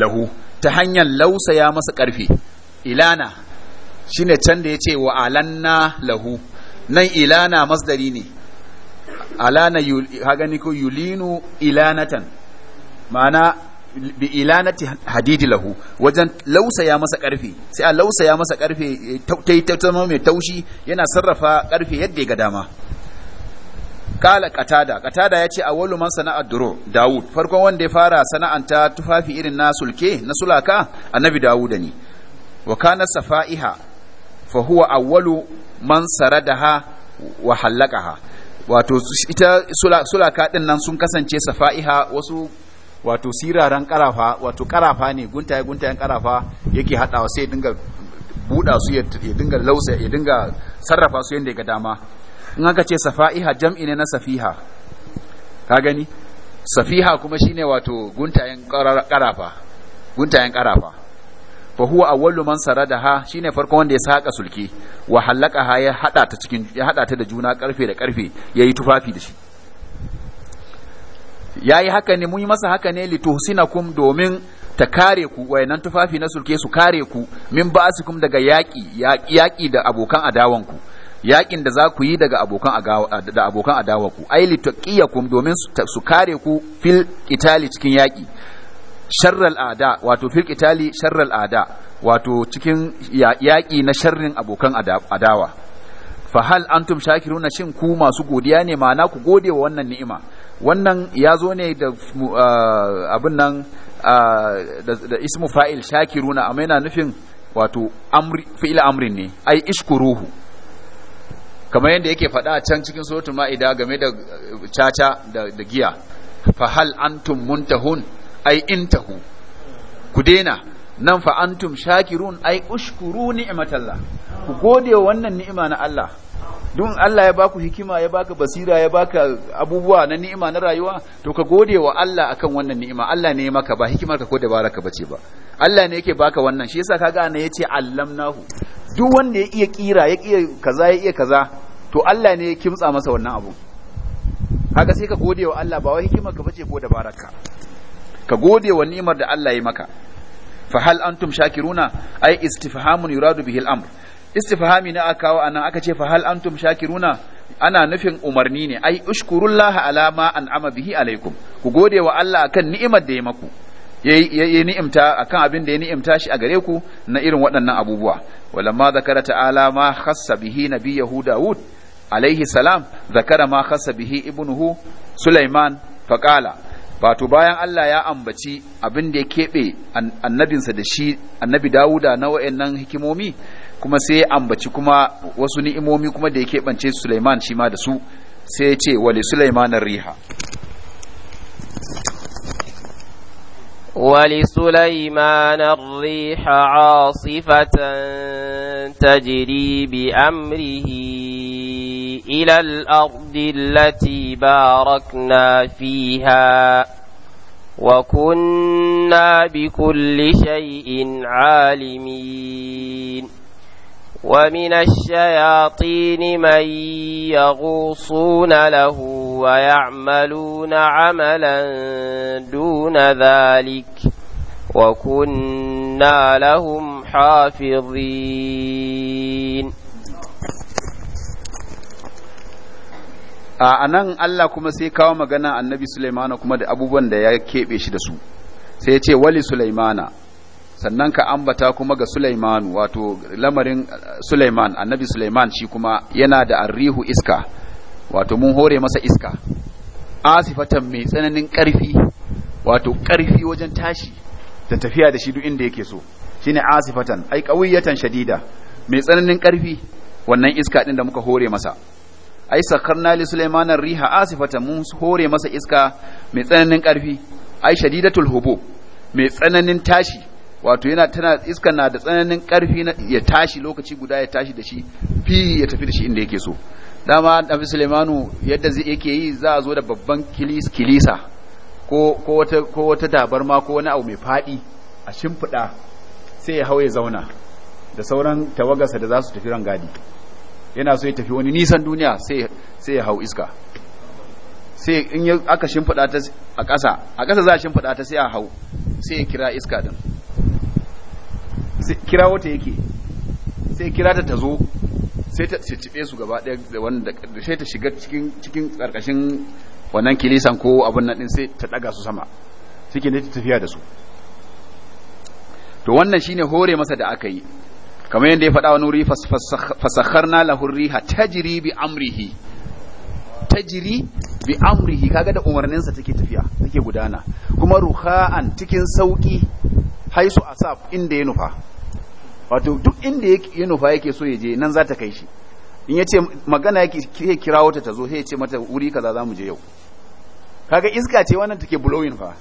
lahu ta hanyar lausa ya masa karfe ilana shine can da ya ce wa alanna lahu nan ilana masdari ne alana ha gani ko yulinu ilanatan ma'ana bi ilanati hadidi lahu wajen ya masa karfe sai a ya masa karfe ta zama mai taushi yana sarrafa karfe yadda ya ga dama kala katada katada ya ce a walu man sana'ar duro da'ud farkon wanda ya fara sana'anta tufafi irin na sulke na sulaka annabi dawud ne wa kana safa'iha fa huwa awwalu man saradaha wa halaqaha wato ita sulaka din sun kasance safa'iha wasu wato siraran karafa wato karafa ne guntaye guntayen karafa yake hadawa sai dinga buda su ya dinga lausa ya dinga sarrafa su yanda ya ga dama in aka ce safa'iha jam'i ne na safiha ka gani safiha kuma shine wato guntayen karafa guntayen karafa fa huwa awwalu man saradaha shine farkon wanda ya saka sulki wa ha ya hada ta cikin ya hada ta da juna karfe da karfe yayi tufafi da shi yayi haka ne mun yi masa haka ne lituhsinakum domin ta kare ku wayannan tufafi na sulke su kare ku min kum daga yaƙi yaƙi da abokan adawan ku yaƙin da za ku yi daga abokan da abokan adawa ku ai litaqiyakum domin su kare ku fil qitali cikin yaƙi sharral ada wato fil qitali sharral ada wato cikin yaƙi na sharrin abokan adawa fa hal antum shakiruna shin ku masu godiya ne ma'ana ku gode wa wannan ni'ima wannan ya zo ne da ah, abin nan ah, da ismu fa'il shakiruna amma yana nufin wato fi'il amrin ne ai ishkuruhu kamar yadda yake faɗa a can cikin suratul ma'ida game da eh, caca da giya fa hal antum muntahun ai intahu ku dena nan fa antum shakirun ai ushkuru ni'matallah ku gode wa wannan ni'ima na Allah don Allah ya baku hikima ya baka basira ya baka abubuwa na ni'ima na rayuwa to ka gode wa Allah akan wannan ni'ima Allah ne ya maka ba hikimar ka ko dabaraka bace ba Allah ne yake baka wannan shi yasa kaga ana yace allamnahu duk wanda ya iya kira ya iya kaza ya iya kaza to Allah ne ya kimtsa masa wannan abu haka sai ka gode wa Allah ba wa hikimar ka bace ko dabaraka ka gode wa ni'imar da Allah ya maka fa hal antum shakiruna ai istifhamun yuradu bihi al-amr istifhami na aka kawo anan aka ce fa hal antum shakiruna ana nufin umarni ne ai ushkurullaha ala ma an'ama bihi alaikum ku gode wa Allah akan ni'imar da ya maku yayi ni'imta akan abin da ya ni'imta shi a gare ku na irin waɗannan abubuwa walamma zakara ta'ala ma khassa bihi nabiyahu Dawud alaihi salam zakara ma khassa bihi ibnuhu Sulaiman faqala wato bayan Allah ya ambaci abin da ya keɓe annabinsa da shi annabi Dawuda na wa'annan hikimomi kuma sai ya ambaci kuma wasu ni'imomi kuma da ya keɓance Sulaiman shi ma da su sai ya ce wali Sulaiman riha ولسليمان الريح عاصفة تجري بأمره إلى الأرض التي باركنا فيها وكنا بكل شيء عالمين ومن الشياطين من يغوصون له ويعملون عملا دون ذلك وكنا لهم حافظين a anan Allah kuma sai kawo magana annabi Sulaimana kuma da abubuwan da ya keɓe shi da su sai ya ce wali Sulaimana sannan ka ambata kuma ga Sulaiman wato lamarin uh, Sulaiman annabi Sulaiman shi kuma yana da arrihu iska wato mun hore masa iska asifatan mai tsananin ƙarfi wato ƙarfi wajen tashi da tafiya da shi duk inda yake so shine asifatan ai qawiyatan shadida mai tsananin ƙarfi wannan iska din da muka hore masa ai sakarna li Sulaiman riha asifatan mun hore masa iska mai tsananin ƙarfi ai shadidatul hubub mai tsananin tashi wato yana tana iskan na da tsananin karfi ya tashi lokaci guda ya tashi da shi fi ya tafi da shi inda yake so dama Nabi Sulaimanu yadda zai yake yi za a zo da babban kilis kilisa ko ko wata ko wata ko wani abu mai fadi a shimfida sai ya ya zauna da sauran tawagarsa da za su tafi rangadi yana so ya tafi wani nisan duniya sai sai ya hau iska sai in aka shimfida ta a ƙasa a ƙasa za a shimfida ta sai a hau sai ya kira iska din kira wata yake sai kira ta ta sai ta cicibe su gaba ɗaya wanda sai ta shiga cikin cikin karkashin wannan kilisan ko abin nan din sai ta daga su sama suke ne ta tafiya da su to wannan shine hore masa da aka yi kamar yadda ya faɗa wani wuri fasakharna lahu riha tajri bi amrihi tajri bi amrihi kaga da umarninsa take tafiya take gudana kuma ruha'an cikin sauki haisu a saf inda ya nufa wato duk inda ya nufa yake so ya je nan za ta kai shi in ya ce magana yake kirawo ta tazo sai ya ce mata wuri kaza za mu je yau kaga iska ce wannan take blowing fa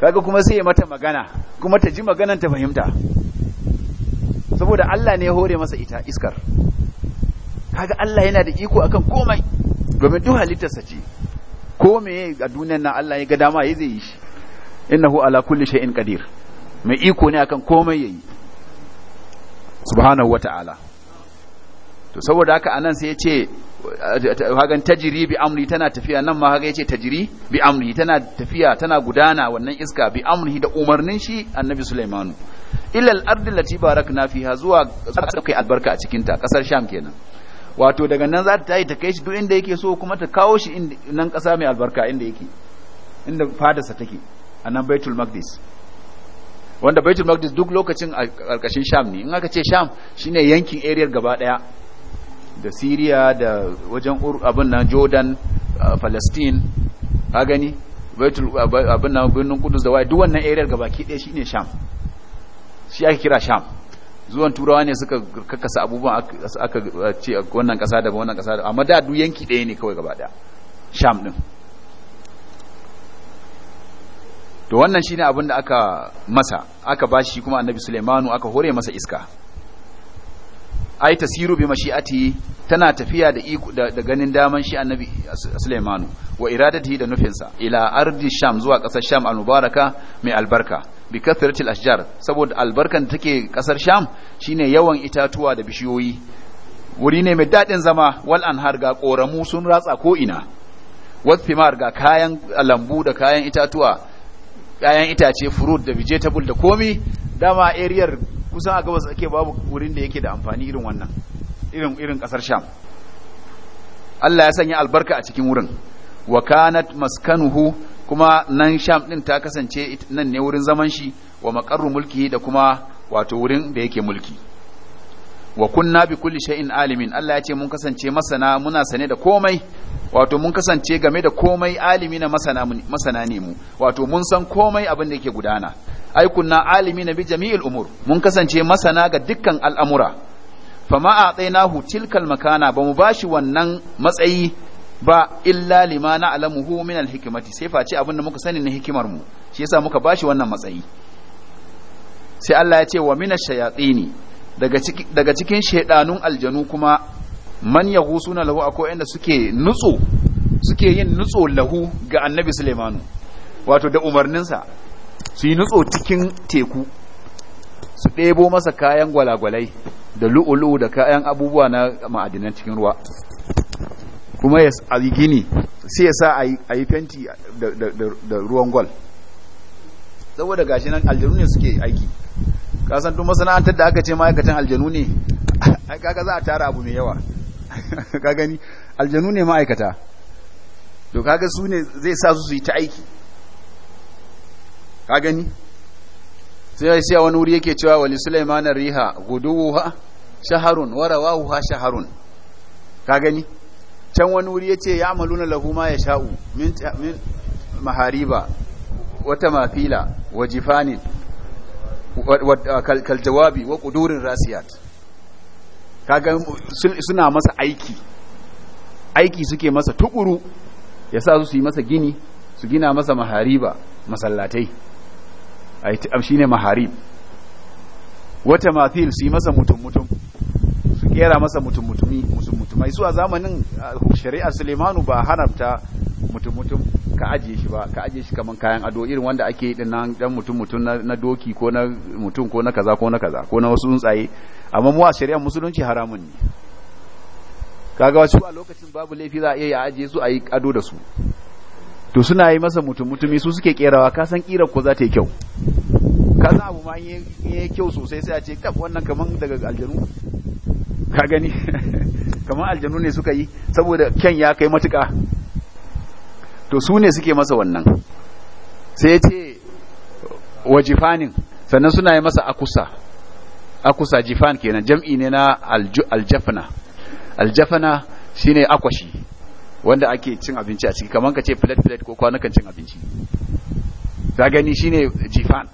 kaga kuma sai ya mata magana kuma ta ji maganan ta fahimta saboda Allah ne ya hore masa ita iskar kaga Allah yana da iko akan komai domin duk halittarsa ce ko meye a duniyar nan Allah ya ga dama ya zai yi shi innahu ala kulli shay'in qadir mai iko ne akan komai yayi subhanahu wata'ala to saboda haka anan sai ya ce hagan tajiri bi amri tana tafiya nan ma haga yace tajiri bi amri tana tafiya tana gudana wannan iska bi amri da umarnin shi annabi sulaimanu ilal ardi lati barakna fiha zuwa kai albarka a cikin ta kasar Sham kenan wato daga nan za ta yi ta kai shi duk inda yake so kuma ta kawo shi nan kasa mai albarka inda yake inda fadarsa take anan Baitul Maqdis wanda baitul maqdis duk lokacin alƙashin sham ne in aka ce sham shine yankin area gaba daya da syria da wajen abin nan jordan palestine ka gani baitul abin nan birnin kudus da wai duk wannan area gaba ki daya shine sham shi ake kira sham zuwan turawa ne suka kakkasa abubuwan aka ce wannan kasa da wannan kasa amma da duk yanki daya ne kawai gaba daya sham din to wannan shine abin da aka masa aka bashi kuma annabi Sulaimanu aka hore masa iska ai tasiru bi mashi'ati tana tafiya da da ganin daman shi annabi Sulaimanu wa iradatihi da nufinsa ila ardi sham zuwa kasar sham al-mubaraka mai albarka bi kathratil ashjar saboda albarkan da take kasar sham shine yawan itatuwa da bishiyoyi wuri ne mai dadin zama wal anhar ga koramu sun ratsa ko ina wat ga kayan lambu da kayan itatuwa Kayan itace fruit da vegetable da komi dama area kusan a gabas ake babu wurin da yake da amfani irin wannan irin irin kasar sham Allah ya sanya albarka a cikin wurin wa kanat maskanuhu kuma nan sham din ta kasance nan ne wurin zaman shi wa maqarru mulki da kuma wato wurin da yake mulki wa kunna bi kulli shay'in alimin Allah ya ce mun kasance masana muna sane da komai wato mun kasance game da komai alimi masana masana ne mu wato mun san komai abin da yake gudana ai kunna alimi na bi jami'il umur mun kasance masana ga dukkan al'amura Fa ma atainahu tilkal makana ba mu bashi wannan matsayi ba illa lima na alamuhu min alhikmati sai face abin da muka sani na hikimar mu shi yasa muka bashi wannan matsayi sai Allah ya ce wa minash shayatini daga cikin shaidanun aljanu kuma man yahu suna lahu akwai inda suke nutso suke yin nutso lahu ga annabi Suleimanu wato da umarninsa su yi nutso cikin teku su ɗebo masa kayan gwalagwalai da lu'ulu da kayan abubuwa na ma'adinan cikin ruwa kuma ya yi gini sai ya sa a yi fenti da ruwan gwal saboda gashi nan aljanu ne suke aiki ka san duk masana'antar da aka ce ma'aikatan aljanu ne ai kaga za a tara abu mai yawa ka gani aljanu ne ma'aikata to kaga su ne zai sa su su yi ta aiki ka gani sai sai wani wuri yake cewa wali sulaiman riha guduwa shaharun wa ha shaharun ka gani can wani wuri yace ya amaluna lahu ma ya min min mahariba wata mafila wajifanin kal jawabi wa kudurin rasiyat kaga suna masa aiki aiki suke masa tukuru sa su yi masa gini su gina masa mahariba masallatai shi ne maharib wata mafil su yi masa mutum-mutum su kera masa mutum-mutumi mutum-mutumai su a zamanin shari'ar Suleimanu ba haramta mutum mutum ka ajiye shi ba ka ajiye shi kaman kayan ado irin wanda ake yi dinnan dan mutum mutum na doki ko na mutum ko na kaza ko na kaza ko na wasu tsuntsaye amma mu a shari'ar musulunci haramun ne kaga wasu a lokacin babu laifi za a iya ajiye su a yi ado da su to suna yi masa mutum mutumi su suke kerawa ka san kirar ko za ta yi kyau ka za abu ma yi kyau sosai sai a ce kaf wannan kaman daga aljanu ka gani kaman aljanu ne suka yi saboda kyan ya kai matuka to su ne suke masa wannan sai ya ce wa jifanin sannan suna yi masa akusa akusa jifan kenan jam'i ne na aljafana aljafana shine akwashi wanda ake cin abinci a ciki kamar ka ce plate plate ko kwanukan cin abinci ka gani shine jifan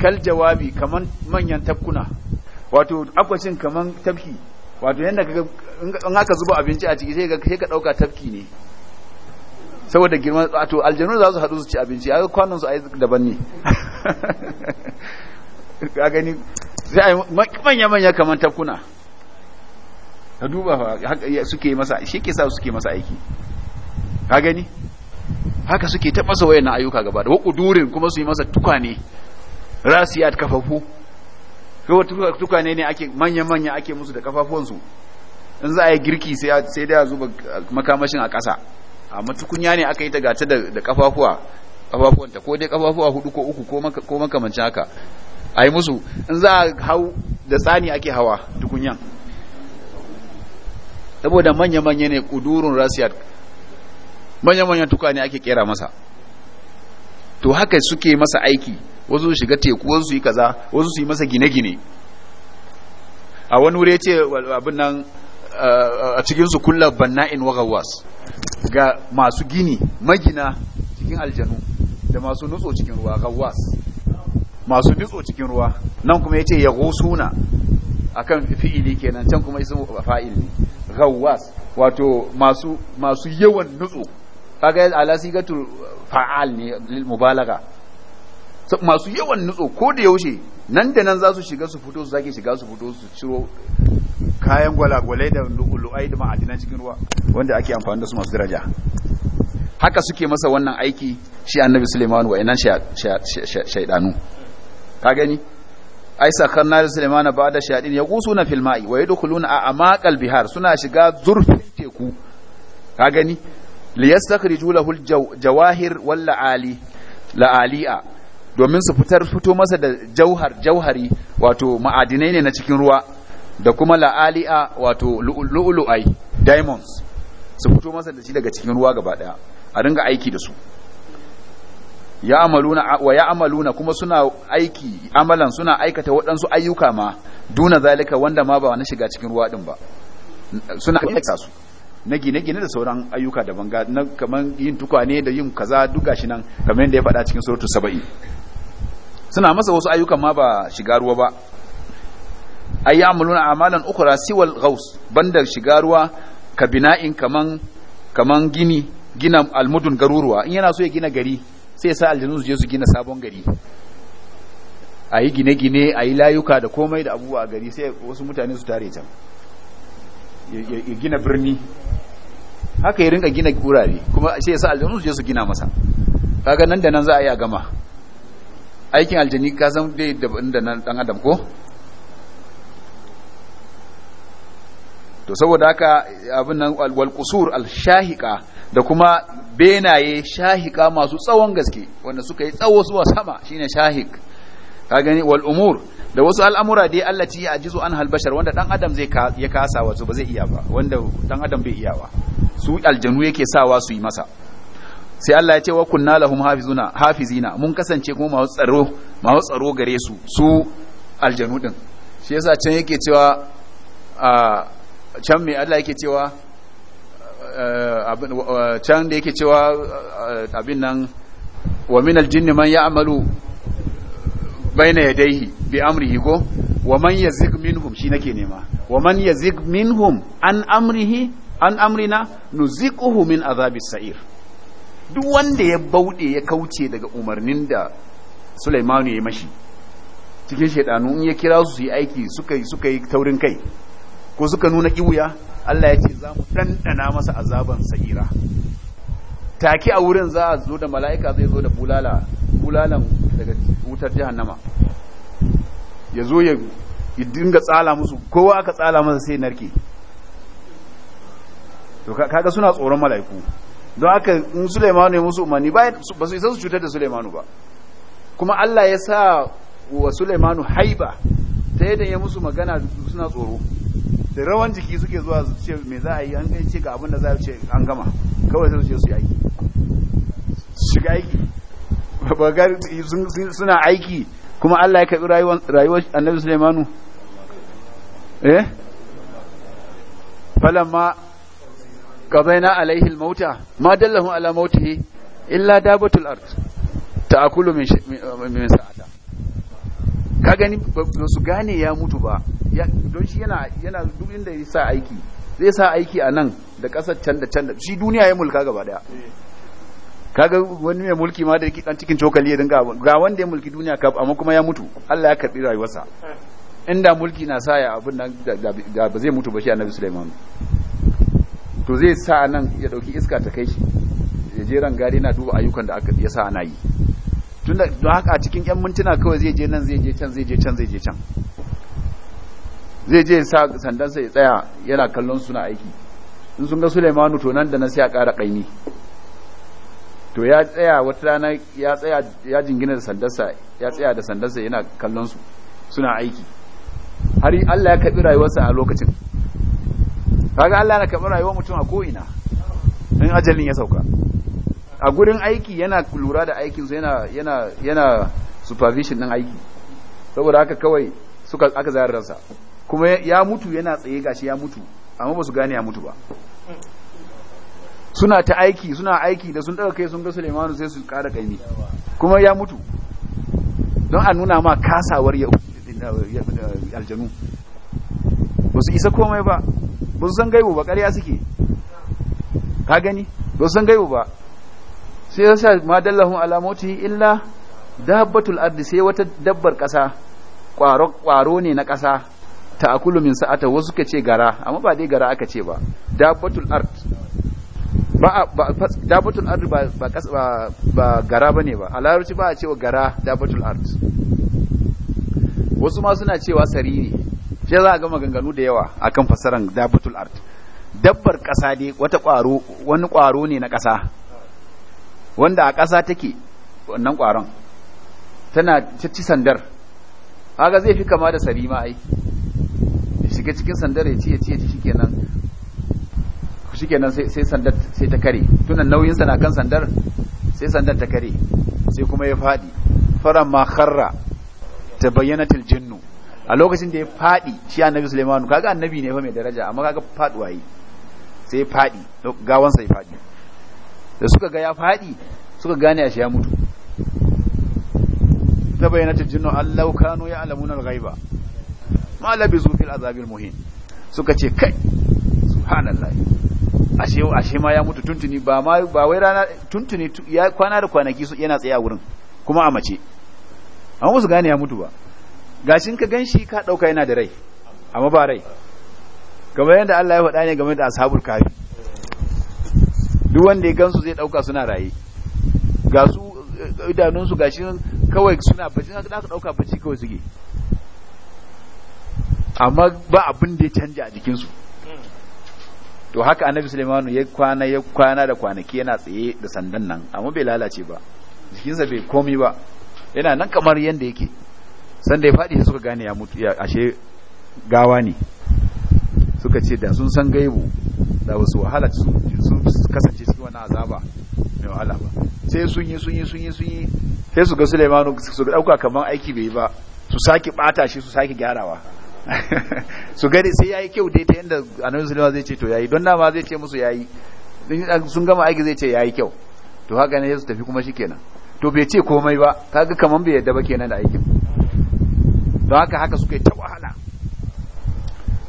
kal jawabi kaman manyan tabkuna wato akwashin kaman tabki wato yadda kaga in aka zuba abinci a ciki sai ka dauka tabki ne saboda girman tsato aljanu za su haɗu su ci abinci a kwanan su a yi daban ne ka gani yi manya-manya kamar tafkuna ta duba suke masa shi ke sa suke masa aiki ka gani haka suke ta masa wayan ayyuka gaba da waku durin kuma su yi masa tukwane rasiyat kafafu kawai tukane ne ake manya-manya ake musu da kafafuwansu in za a yi girki sai da zuba makamashin a ƙasa amma tukunya ne aka yi ta gata da kafafuwa kafafuwanta ko dai kafafuwa hudu ko uku ko makamancin haka a yi musu in za a hau da tsani ake hawa tukunya saboda manya-manya ne kudurun rasiyar manya manya tuka ne ake kera masa to haka suke masa aiki wasu su shiga teku wasu su yi kaza wasu su yi masa gine-gine a wani wuri ya ce abin nan a cikinsu kulla banna'in wa gawas ga masu gini magina cikin aljanu da masu nutso cikin ruwa gawas masu nutso cikin ruwa nan kuma ya ce ya gosuna akan fi'ili kenan can kuma isa fa'il ne gawas wato masu masu yawan nutso kaga ala sigatu fa'al ne lil mubalaga masu yawan nutso ko da yaushe nan da nan za su shiga su fito su sake shiga su fito su ciro kayan gwalagwalai da lu'ulu'ai da ma'adinan cikin ruwa wanda ake amfani da su masu daraja haka suke masa wannan aiki shi annabi Suleiman wa inan shaidanu ka gani ai sakarna da Suleiman ba da shaidin ya na Filma'i, ma'i wa yadkhuluna a makal bihar suna shiga zurfin teku ka gani liyastakhriju lahu jawahir wal ali la ali'a domin su fitar fito masa da jauhar jauhari wato ma'adinai ne na cikin ruwa da kuma la'ali'a wato lu'ulu'ai diamonds su fito masa da shi daga cikin ruwa gaba daya a dinga aiki da su ya amaluna wa ya amaluna kuma suna aiki amalan suna aikata waɗansu ayyuka ma duna zalika wanda ma ba wani shiga cikin ruwa din ba suna aikata su na gine-gine da sauran ayyuka daban ga kamar yin tukwane da yin kaza duk gashi nan kamar yadda ya faɗa cikin suratul saba'i suna masa wasu ayyukan ma ba shiga ruwa ba ay ya'maluna amalan ukhra siwal ghaus banda shiga ruwa ka bina'in kaman kaman gini gina almudun garuruwa in yana so ya gina gari sai ya sa aljanu su je su gina sabon gari a yi gine-gine a yi layuka da komai da abubuwa a gari sai wasu mutane su tare can ya gina birni haka ya rinka gina wurare kuma sai ya sa aljanu su je su gina masa kaga nan da nan za a yi a gama aikin aljani ka san dai da nan dan adam ko to saboda haka abin nan wal qusur da kuma benaye shahika masu tsawon gaske wanda suka yi tsawo zuwa sama shine shahik. ka gani wal umur da wasu al'amura dai Allah ya ajizu an halbashar wanda dan adam zai ya kasa wato ba zai iya ba wanda dan adam bai iya ba su aljanu yake sawa su yi masa sai Allah ya ce wa kunna lahum hafizuna hafizina mun kasance kuma masu tsaro masu tsaro gare su su aljanu din shi yasa can yake cewa can mai Allah yake cewa eh, eh, can da yake cewa eh, abin nan wa min aljinn man ya'malu baina yadayhi bi amrihi ko wa man yazig minhum shi nake nema wa man yazig minhum an amrihi an amrina nuziquhu min azabis sa'ir duk wanda ya bauɗe ya kauce daga umarnin da Sulaimanu ya yi mashi cikin shedanu in ya kira su yi aiki suka yi taurin kai ko suka nuna kiwuya Allah ya ce za mu ɗanɗana masa azaban sa'ira take a wurin za a zo da mala'ika zai zo da bulala bulalan daga wutar jahannama ya zo ya dinga tsala musu kowa aka tsala masa sai narke to kaga suna tsoron mala'iku don haka in Sulaimanu ya musu umarni ba su isa su cutar da Sulaimanu ba kuma Allah ya sa wa Sulaimanu haiba ta yadda ya musu magana suna tsoro da rawan jiki suke zuwa su ce me za a yi an kai ce ga abin da za a ce an gama kawai sai su ce su yi aiki shiga aiki ba ga suna aiki kuma Allah ya karbi rayuwar annabi Sulaimanu eh falamma qadaina alaihi almauta ma dallahu ala mautihi illa dabatul ard ta'kulu min min sa'ata ka gani ba su gane ya mutu ba don shi yana yana duk inda ya sa aiki zai sa aiki a nan da ƙasar can da can da shi duniya ya mulka gaba daya kaga wani mai mulki ma da yake dan cikin cokali ya dinga ga wanda ya mulki duniya kaf amma kuma ya mutu Allah ya karbi rayuwarsa inda mulki na sa ya abin da ba zai mutu ba shi annabi Sulaiman to zai sa nan ya ɗauki iska ta kai shi ya je ran gari na duba ayyukan da aka ya sa ana yi tun da haka a cikin 'yan mintuna kawai zai je nan zai je can zai je can zai je can zai je sa sandansa ya tsaya yana kallon suna aiki in sun ga Sulaimanu to nan da nan sai ƙara ƙaimi to ya tsaya wata rana ya tsaya ya jingina da sandarsa ya tsaya da sandarsa yana kallon su suna aiki har Allah ya kabi rayuwarsa a lokacin kaga Allah na kabi rayuwar mutum a ina in ajalin ya sauka a gurin aiki yana lura da aikinsu yana yana yana supervision din aiki saboda haka kawai suka aka zayar kuma ya mutu yana tsaye gashi ya mutu amma ba su gane ya mutu ba suna ta aiki suna aiki da sun daga kai sun ga Sulaimanu sai su kara kaimi kuma ya mutu don a nuna ma kasawar ya aljanu ba su isa komai ba ba su san gaibu ba ƙarya suke ka gani ba su san gaibu ba sai yasa ma dallahum ala mauti illa dabbatul ardi sai wata dabbar kasa kwaro kwaro ne na kasa ta akulu min sa'ata wasu suka ce gara amma ba dai gara aka ce ba dabbatul ard ba dabbatul ard ba ba ba gara bane ba alaruci ba a cewa gara dabbatul ard wasu ma suna cewa sariri sai za a ga maganganu da yawa akan fasaran dabbatul ard dabbar kasa dai wata kwaro wani kwaro ne na kasa wanda a ƙasa take wannan ƙwaron tana ci sandar haka zai fi kama da sari ma ai ya shiga cikin sandar ya ci ya ci ya ci shi kenan sai sandar sai ta kare tunan nauyin sa na kan sandar sai sandar ta kare sai kuma ya fadi faran ma kharra tabayyanatil jinnu a lokacin da ya fadi shi annabi Sulaiman kaga annabi ne fa mai daraja amma kaga faduwa yi sai ya fadi gawansa ya fadi da suka ga ya faɗi suka gane ashe ya mutu ta bayyana ta jinnu Allah kanu ya alamunar ghaiba ma labisu fil azabil muhin suka ce kai subhanallah ashe ashe ma ya mutu tuntuni ba ma ba wai rana tuntuni ya kwana da kwanaki su yana tsaye a wurin kuma a mace amma su gane ya mutu ba gashin ka ganshi ka dauka yana da rai amma ba rai kamar yadda Allah ya faɗa ne game da ashabul kafir duk wanda ya gansu zai dauka suna raye ga su eh, idanunsu ga shi kawai suna bacci na aka dauka bacci kawai suke amma ba abin da ya canja a jikinsu to haka annabi sulaimanu ya kwana ya kwana da kwanaki yana tsaye da sandan nan amma bai lalace ba jikinsa bai komi ba yana nan kamar yadda yake sanda ya faɗi suka gane ya mutu ashe gawa ne suka ce da sun san gaibu da wasu wahala sun kasance cikin wani azaba mai wahala ba sai sun yi sun yi sun yi sun yi sai su ga Suleiman su dauka kaman aiki bai ba su saki bata shi su saki gyarawa su gani sai yayi kyau dai ta yanda annabi Suleiman zai ce to yayi don dama zai ce musu yayi sun gama aiki zai ce yayi kyau to haka ne su tafi kuma shikenan to bai ce komai ba kaga kaman bai yadda ba kenan da aikin don haka haka suka yi ta wahala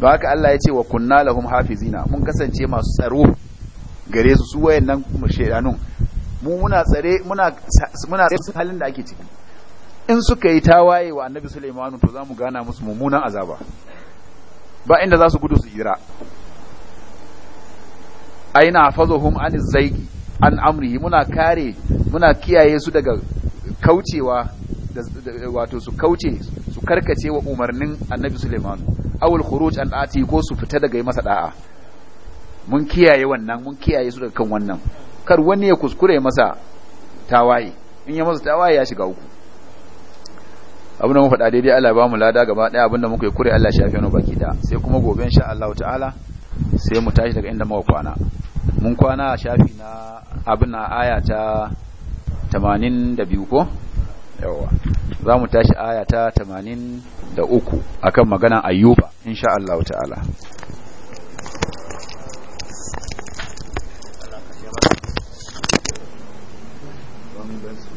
don haka Allah ya ce wa kunna lahum hafizina mun kasance masu tsaro gare su su wayannan shedanun mu muna tsare muna muna tsare halin da ake ciki in suka yi tawaye wa annabi Sulaimanu to zamu gana musu mummunan azaba ba inda za su gudu su jira aina hafazuhum an zaigi an amrihi muna kare muna kiyaye su daga kaucewa wato su kauce su karkace wa umarnin annabi Suleiman awul khuruj an ati ko su fita daga yi masa da'a mun kiyaye wannan mun kiyaye su daga kan wannan kar wani ya kuskure masa tawaye in ya masa tawaye ya shiga uku abin da mun faɗa daidai Allah ba mu lada gaba ɗaya abin da muka yi kure Allah shafe mu baki da sai kuma gobe insha Allah ta'ala sai mu tashi daga inda muka kwana mun kwana a shafi na abin na aya ta 82 ko yawa za mu tashi aya ta uku akan maganan ayyuba insha Allah ta'ala Thank you.